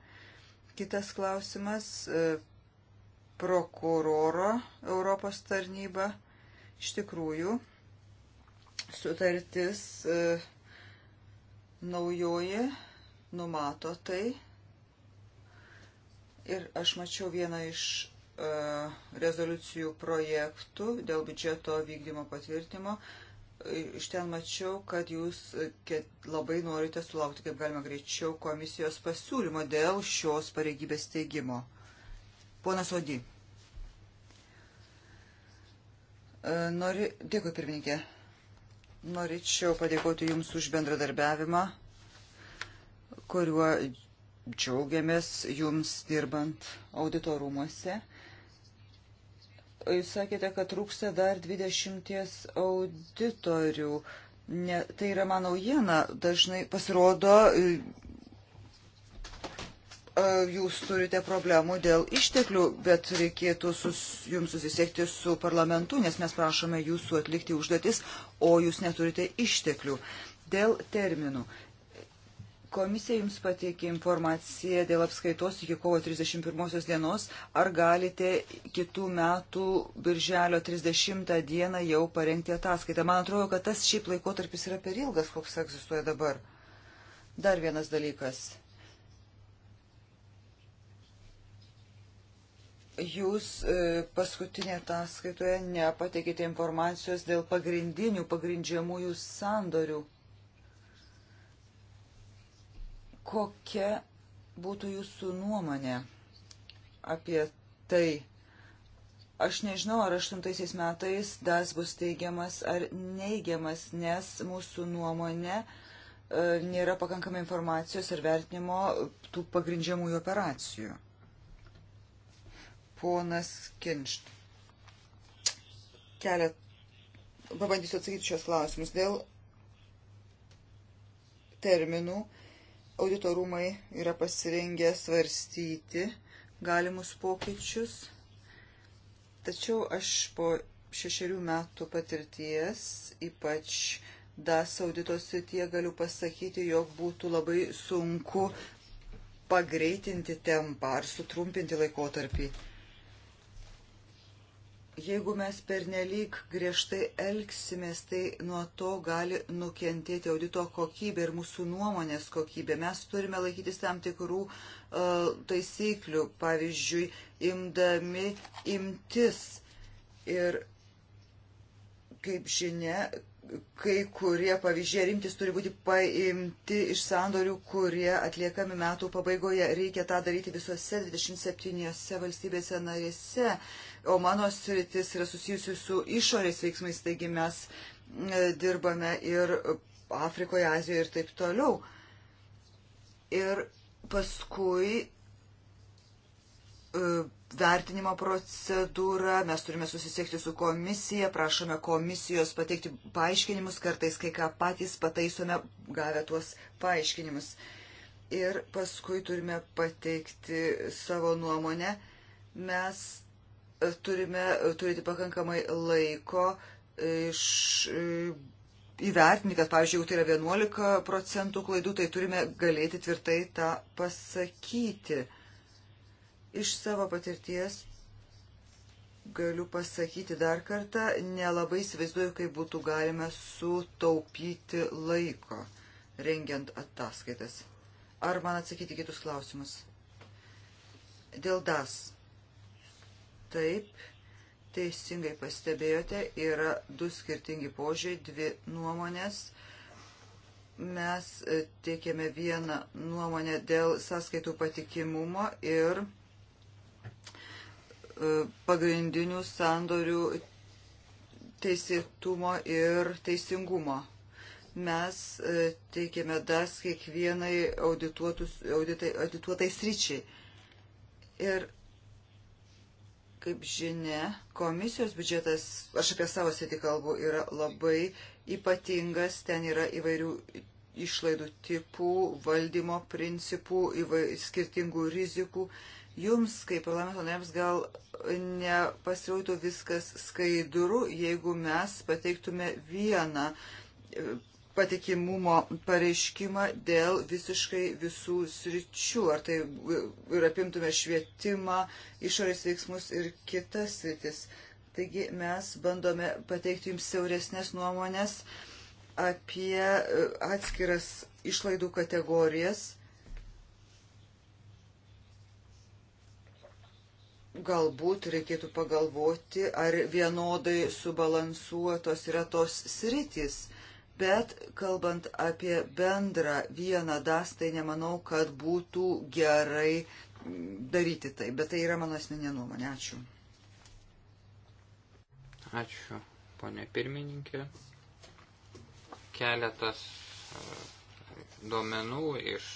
[SPEAKER 2] Kitas klausimas e, - prokuroro Europos tarnyba. Iš tikrųjų, sutartis e, naujoji numato tai. Ir aš mačiau vieną iš e, rezoliucijų projektų dėl biudžeto vykdymo patvirtimo. Uh, iš ten mačiau, kad jūs labai norite sulaukti, kaip galima greičiau, komisijos pasiūlymo dėl šios pareigybės teigimo. Ponas Odi. E, nori... Dėkui, pirmininkė. Norėčiau padėkoti Jums už bendradarbiavimą, kuriuo džiaugiamės Jums dirbant auditorumuose. Jūs sakėte, kad trūksta dar 20 auditorių. Ne, tai yra mano naujiena. Dažnai pasirodo, e, jūs turite problemų dėl išteklių, bet reikėtų sus, jums susisiekti su parlamentu, nes mes prašome jūsų atlikti užduotis, o jūs neturite išteklių. Dėl terminų. Komisija jums pateikė informaciją dėl apskaitos iki kovo 31 dienos. Ar galite kitų metų birželio 30 dieną jau parengti ataskaitą? Man atrodo, kad tas šiaip laikotarpis yra per ilgas, koks egzistuoja dabar. Dar vienas dalykas. Jūs e, paskutinė ataskaitoje nepateikite informacijos dėl pagrindinių pagrindžiamųjų sandorių Kokia būtų jūsų nuomonė apie tai? Aš nežinau, ar aštuntaisiais metais tas bus teigiamas ar neigiamas, nes mūsų nuomonė e, nėra pakankamai informacijos ir vertinimo tų pagrindžiamųjų operacijų. Ponas Kinšt. Kelet. Pabandysiu atsakyti šios klausimus. Dėl terminų Auditorumai yra pasirengę svarstyti galimus pokyčius, tačiau aš po šešerių metų patirties, ypač DAS audito srityje, galiu pasakyti, jog būtų labai sunku pagreitinti tempą ar sutrumpinti laikotarpį. Jeigu mes pernelyg griežtai elgsimės, tai nuo to gali nukentėti audito kokybė ir mūsų nuomonės kokybė. Mes turime laikytis tam tikrų uh, taisyklių, pavyzdžiui, imdami imtis. Ir kaip žinia, kai kurie pavyzdžiai rimtis turi būti paimti iš sandorių, kurie atliekami metų pabaigoje. Reikia tą daryti visose 27 valstybėse narėse o mano sritis yra susijusi su išorės veiksmais, taigi mes e, dirbame ir Afrikoje, Azijoje ir taip toliau. Ir paskui e, vertinimo procedūra, mes turime susisiekti su komisija, prašome komisijos pateikti paaiškinimus, kartais kai ką patys pataisome gavę tuos paaiškinimus. Ir paskui turime pateikti savo nuomonę. Mes turime turėti pakankamai laiko iš įvertinti, kad, pavyzdžiui, jeigu tai yra 11 procentų klaidų, tai turime galėti tvirtai tą pasakyti. Iš savo patirties galiu pasakyti dar kartą, nelabai įsivaizduoju, kaip būtų galima sutaupyti laiko rengiant ataskaitas. Ar man atsakyti kitus klausimus? Dėl DAS Taip, teisingai pastebėjote, yra du skirtingi požiūriai, dvi nuomonės. Mes e, teikėme vieną nuomonę dėl sąskaitų patikimumo ir e, pagrindinių sandorių teisėtumo ir teisingumo. Mes e, teikėme das kiekvienai audituotai sryčiai. Ir Kaip žinia, komisijos biudžetas, aš apie savo sėti kalbu, yra labai ypatingas, ten yra įvairių išlaidų tipų, valdymo principų, įvai, skirtingų rizikų. Jums, kaip parlamento nariams, gal nepasirodytų viskas skaidru, jeigu mes pateiktume vieną patikimumo pareiškimą dėl visiškai visų sričių, ar tai ir apimtume švietimą, išorės veiksmus ir kitas sritis. Taigi mes bandome pateikti jums siauresnės nuomonės apie atskiras išlaidų kategorijas. Galbūt reikėtų pagalvoti, ar vienodai subalansuotos yra tos sritis Bet kalbant apie bendrą vieną das, tai nemanau, kad būtų gerai daryti tai. Bet tai yra mano asmeninė nuomonė. Ačiū.
[SPEAKER 1] Ačiū, ponė pirmininkė. Keletas e, duomenų iš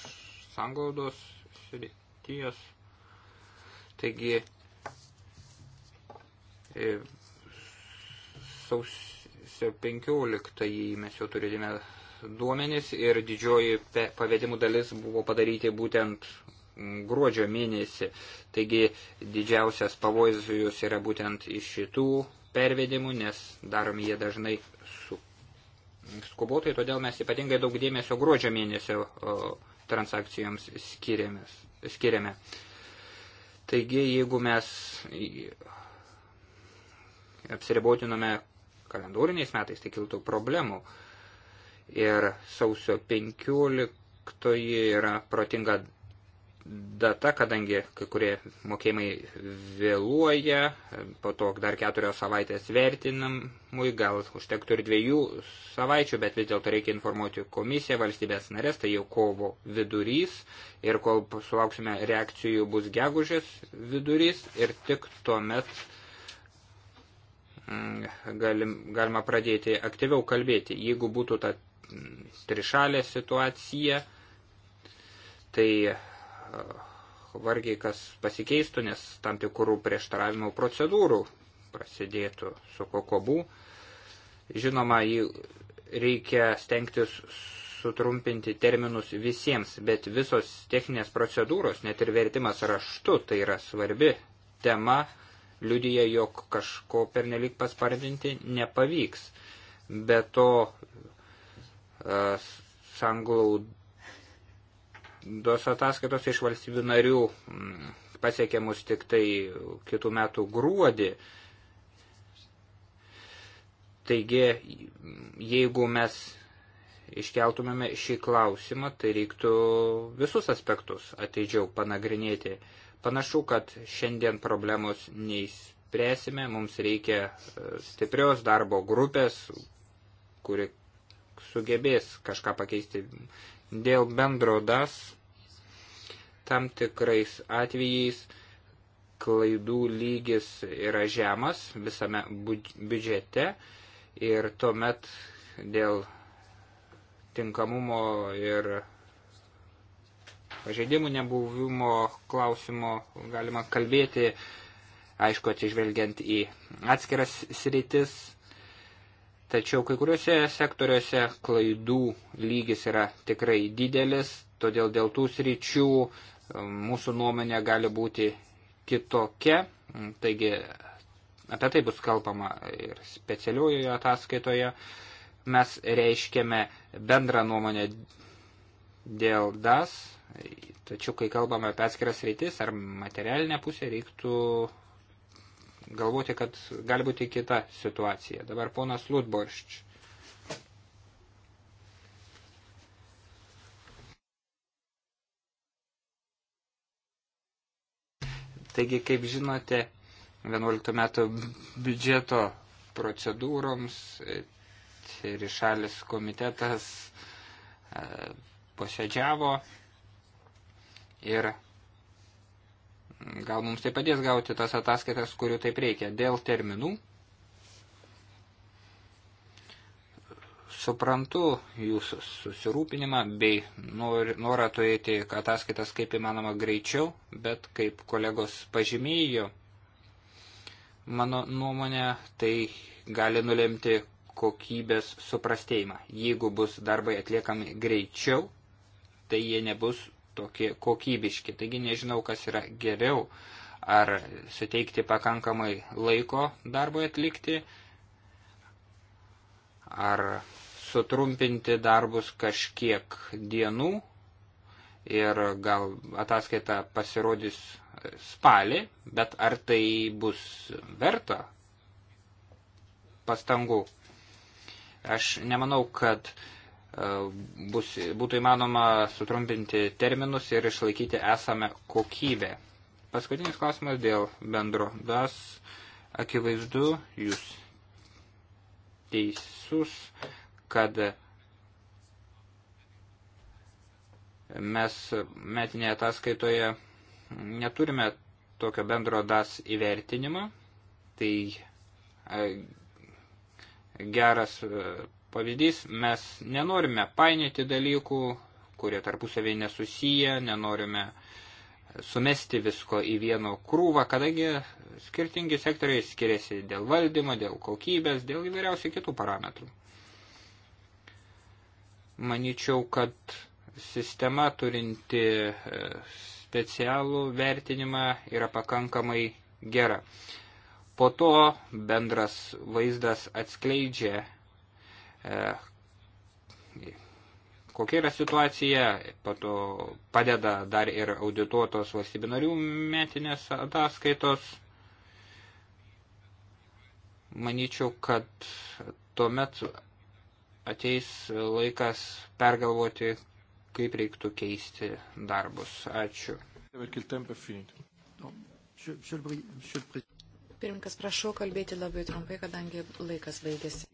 [SPEAKER 1] sanglaudos srities. Taigi, e, saus sausio 15 mes jau turėjome duomenis ir didžioji pavedimų dalis buvo padaryti būtent gruodžio mėnesį. Taigi didžiausias pavojus yra būtent iš šitų pervedimų, nes daromi jie dažnai su skubotai, todėl mes ypatingai daug dėmesio gruodžio mėnesio transakcijoms skiriame. Taigi, jeigu mes apsiribotinome kalendoriniais metais, tai kiltų problemų. Ir sausio 15 yra protinga data, kadangi kai kurie mokėjimai vėluoja, po to dar keturios savaitės vertinamui, gal užtektų ir dviejų savaičių, bet vis dėlto reikia informuoti komisiją, valstybės narės, tai jau kovo vidurys ir kol sulauksime reakcijų bus gegužės vidurys ir tik tuomet Mm, galim, galima pradėti aktyviau kalbėti. Jeigu būtų ta trišalė situacija, tai uh, vargiai kas pasikeistų, nes tam tikrų prieštaravimo procedūrų prasidėtų su kokobu. Žinoma, reikia stengtis sutrumpinti terminus visiems, bet visos techninės procedūros, net ir vertimas raštu, tai yra svarbi tema liudyja, jog kažko pernelik paspartinti nepavyks. Be to, e, sanglaudos ataskaitos iš valstybių narių mm, pasiekė mus tik tai kitų metų gruodį. Taigi, jeigu mes iškeltumėme šį klausimą, tai reiktų visus aspektus ateidžiau panagrinėti. Panašu, kad šiandien problemos neįspręsime, mums reikia e, stiprios darbo grupės, kuri sugebės kažką pakeisti dėl bendro das, tam tikrais atvejais klaidų lygis yra žemas visame biudžete ir tuomet dėl tinkamumo ir pažeidimų nebuvimo klausimo galima kalbėti, aišku, atsižvelgiant į atskiras sritis, tačiau kai kuriuose sektoriuose klaidų lygis yra tikrai didelis, todėl dėl tų sričių um, mūsų nuomonė gali būti kitokia, taigi apie tai bus kalbama ir specialiojoje ataskaitoje. Mes reiškėme bendrą nuomonę dėl DAS, tačiau kai kalbame apie atskiras rytis ar materialinę pusę, reiktų galvoti, kad gali būti kita situacija. Dabar ponas Lutboršč. Taigi, kaip žinote, 11 metų biudžeto procedūroms trišalis komitetas posėdžiavo ir gal mums tai padės gauti tas ataskaitas, kurių taip reikia. Dėl terminų suprantu jūsų susirūpinimą bei norą turėti ataskaitas kaip įmanoma greičiau, bet kaip kolegos pažymėjo, mano nuomonė, tai gali nulemti kokybės suprastėjimą. Jeigu bus darbai atliekami greičiau, tai jie nebus tokie kokybiški. Taigi nežinau, kas yra geriau, ar suteikti pakankamai laiko darbui atlikti, ar sutrumpinti darbus kažkiek dienų ir gal ataskaita pasirodys spalį, bet ar tai bus verta pastangų? Aš nemanau, kad uh, bus, būtų įmanoma sutrumpinti terminus ir išlaikyti esame kokybę. Paskutinis klausimas dėl bendro DAS. Akivaizdu, jūs teisus, kad mes metinėje ataskaitoje neturime tokio bendro DAS įvertinimo. Tai e, geras pavyzdys, mes nenorime painioti dalykų, kurie tarpusavėje nesusiję, nenorime sumesti visko į vieno krūvą, kadangi skirtingi sektoriai skiriasi dėl valdymo, dėl kokybės, dėl įvairiausių kitų parametrų. Maničiau, kad sistema turinti e, specialų vertinimą yra pakankamai gera. Po to bendras vaizdas atskleidžia E, kokia yra situacija, pato padeda dar ir audituotos valstybių narių metinės ataskaitos. Manyčiau, kad tuomet ateis laikas pergalvoti, kaip reiktų keisti darbus. Ačiū.
[SPEAKER 3] Pirmininkas, prašau kalbėti labai trumpai, kadangi laikas baigėsi.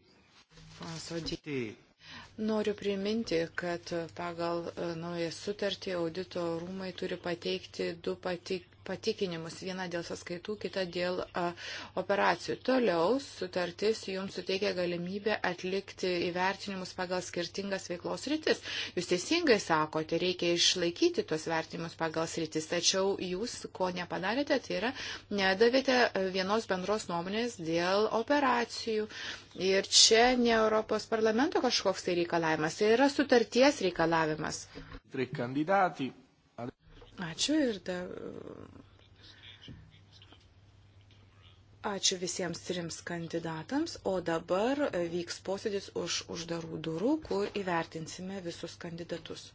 [SPEAKER 3] Sodį. Tai Noriu priminti, kad pagal e, naują sutartį audito rūmai turi pateikti du patik patikinimus, vieną dėl sąskaitų, kitą dėl a, operacijų. Toliau sutartis jums suteikia galimybę atlikti įvertinimus pagal skirtingas veiklos rytis. Jūs teisingai sakote, reikia išlaikyti tos vertinimus pagal rytis, tačiau jūs ko nepadarėte, tai yra nedavėte vienos bendros nuomonės dėl operacijų. Ir čia ne Europos parlamento kažkoks tai reikalavimas, tai yra sutarties reikalavimas. Tre kandidati Ačiū ir da... Ačiū visiems trims kandidatams, o dabar vyks posėdis už uždarų durų, kur įvertinsime visus kandidatus.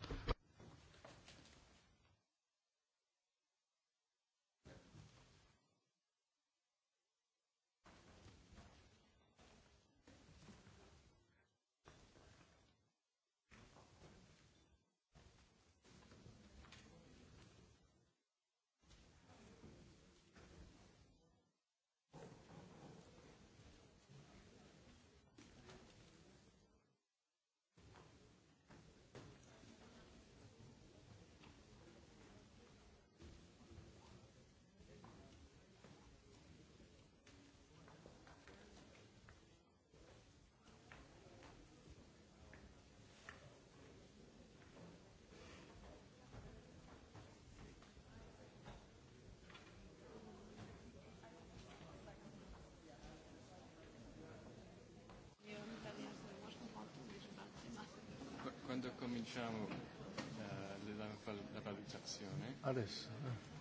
[SPEAKER 1] adesso.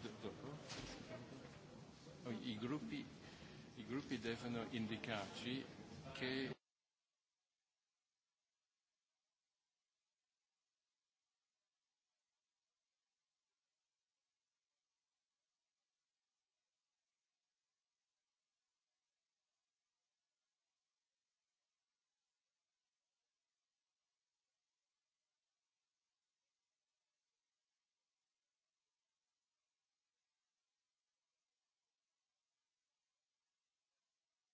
[SPEAKER 1] Eh. Oh, I gruppi, I gruppi devono indicarci che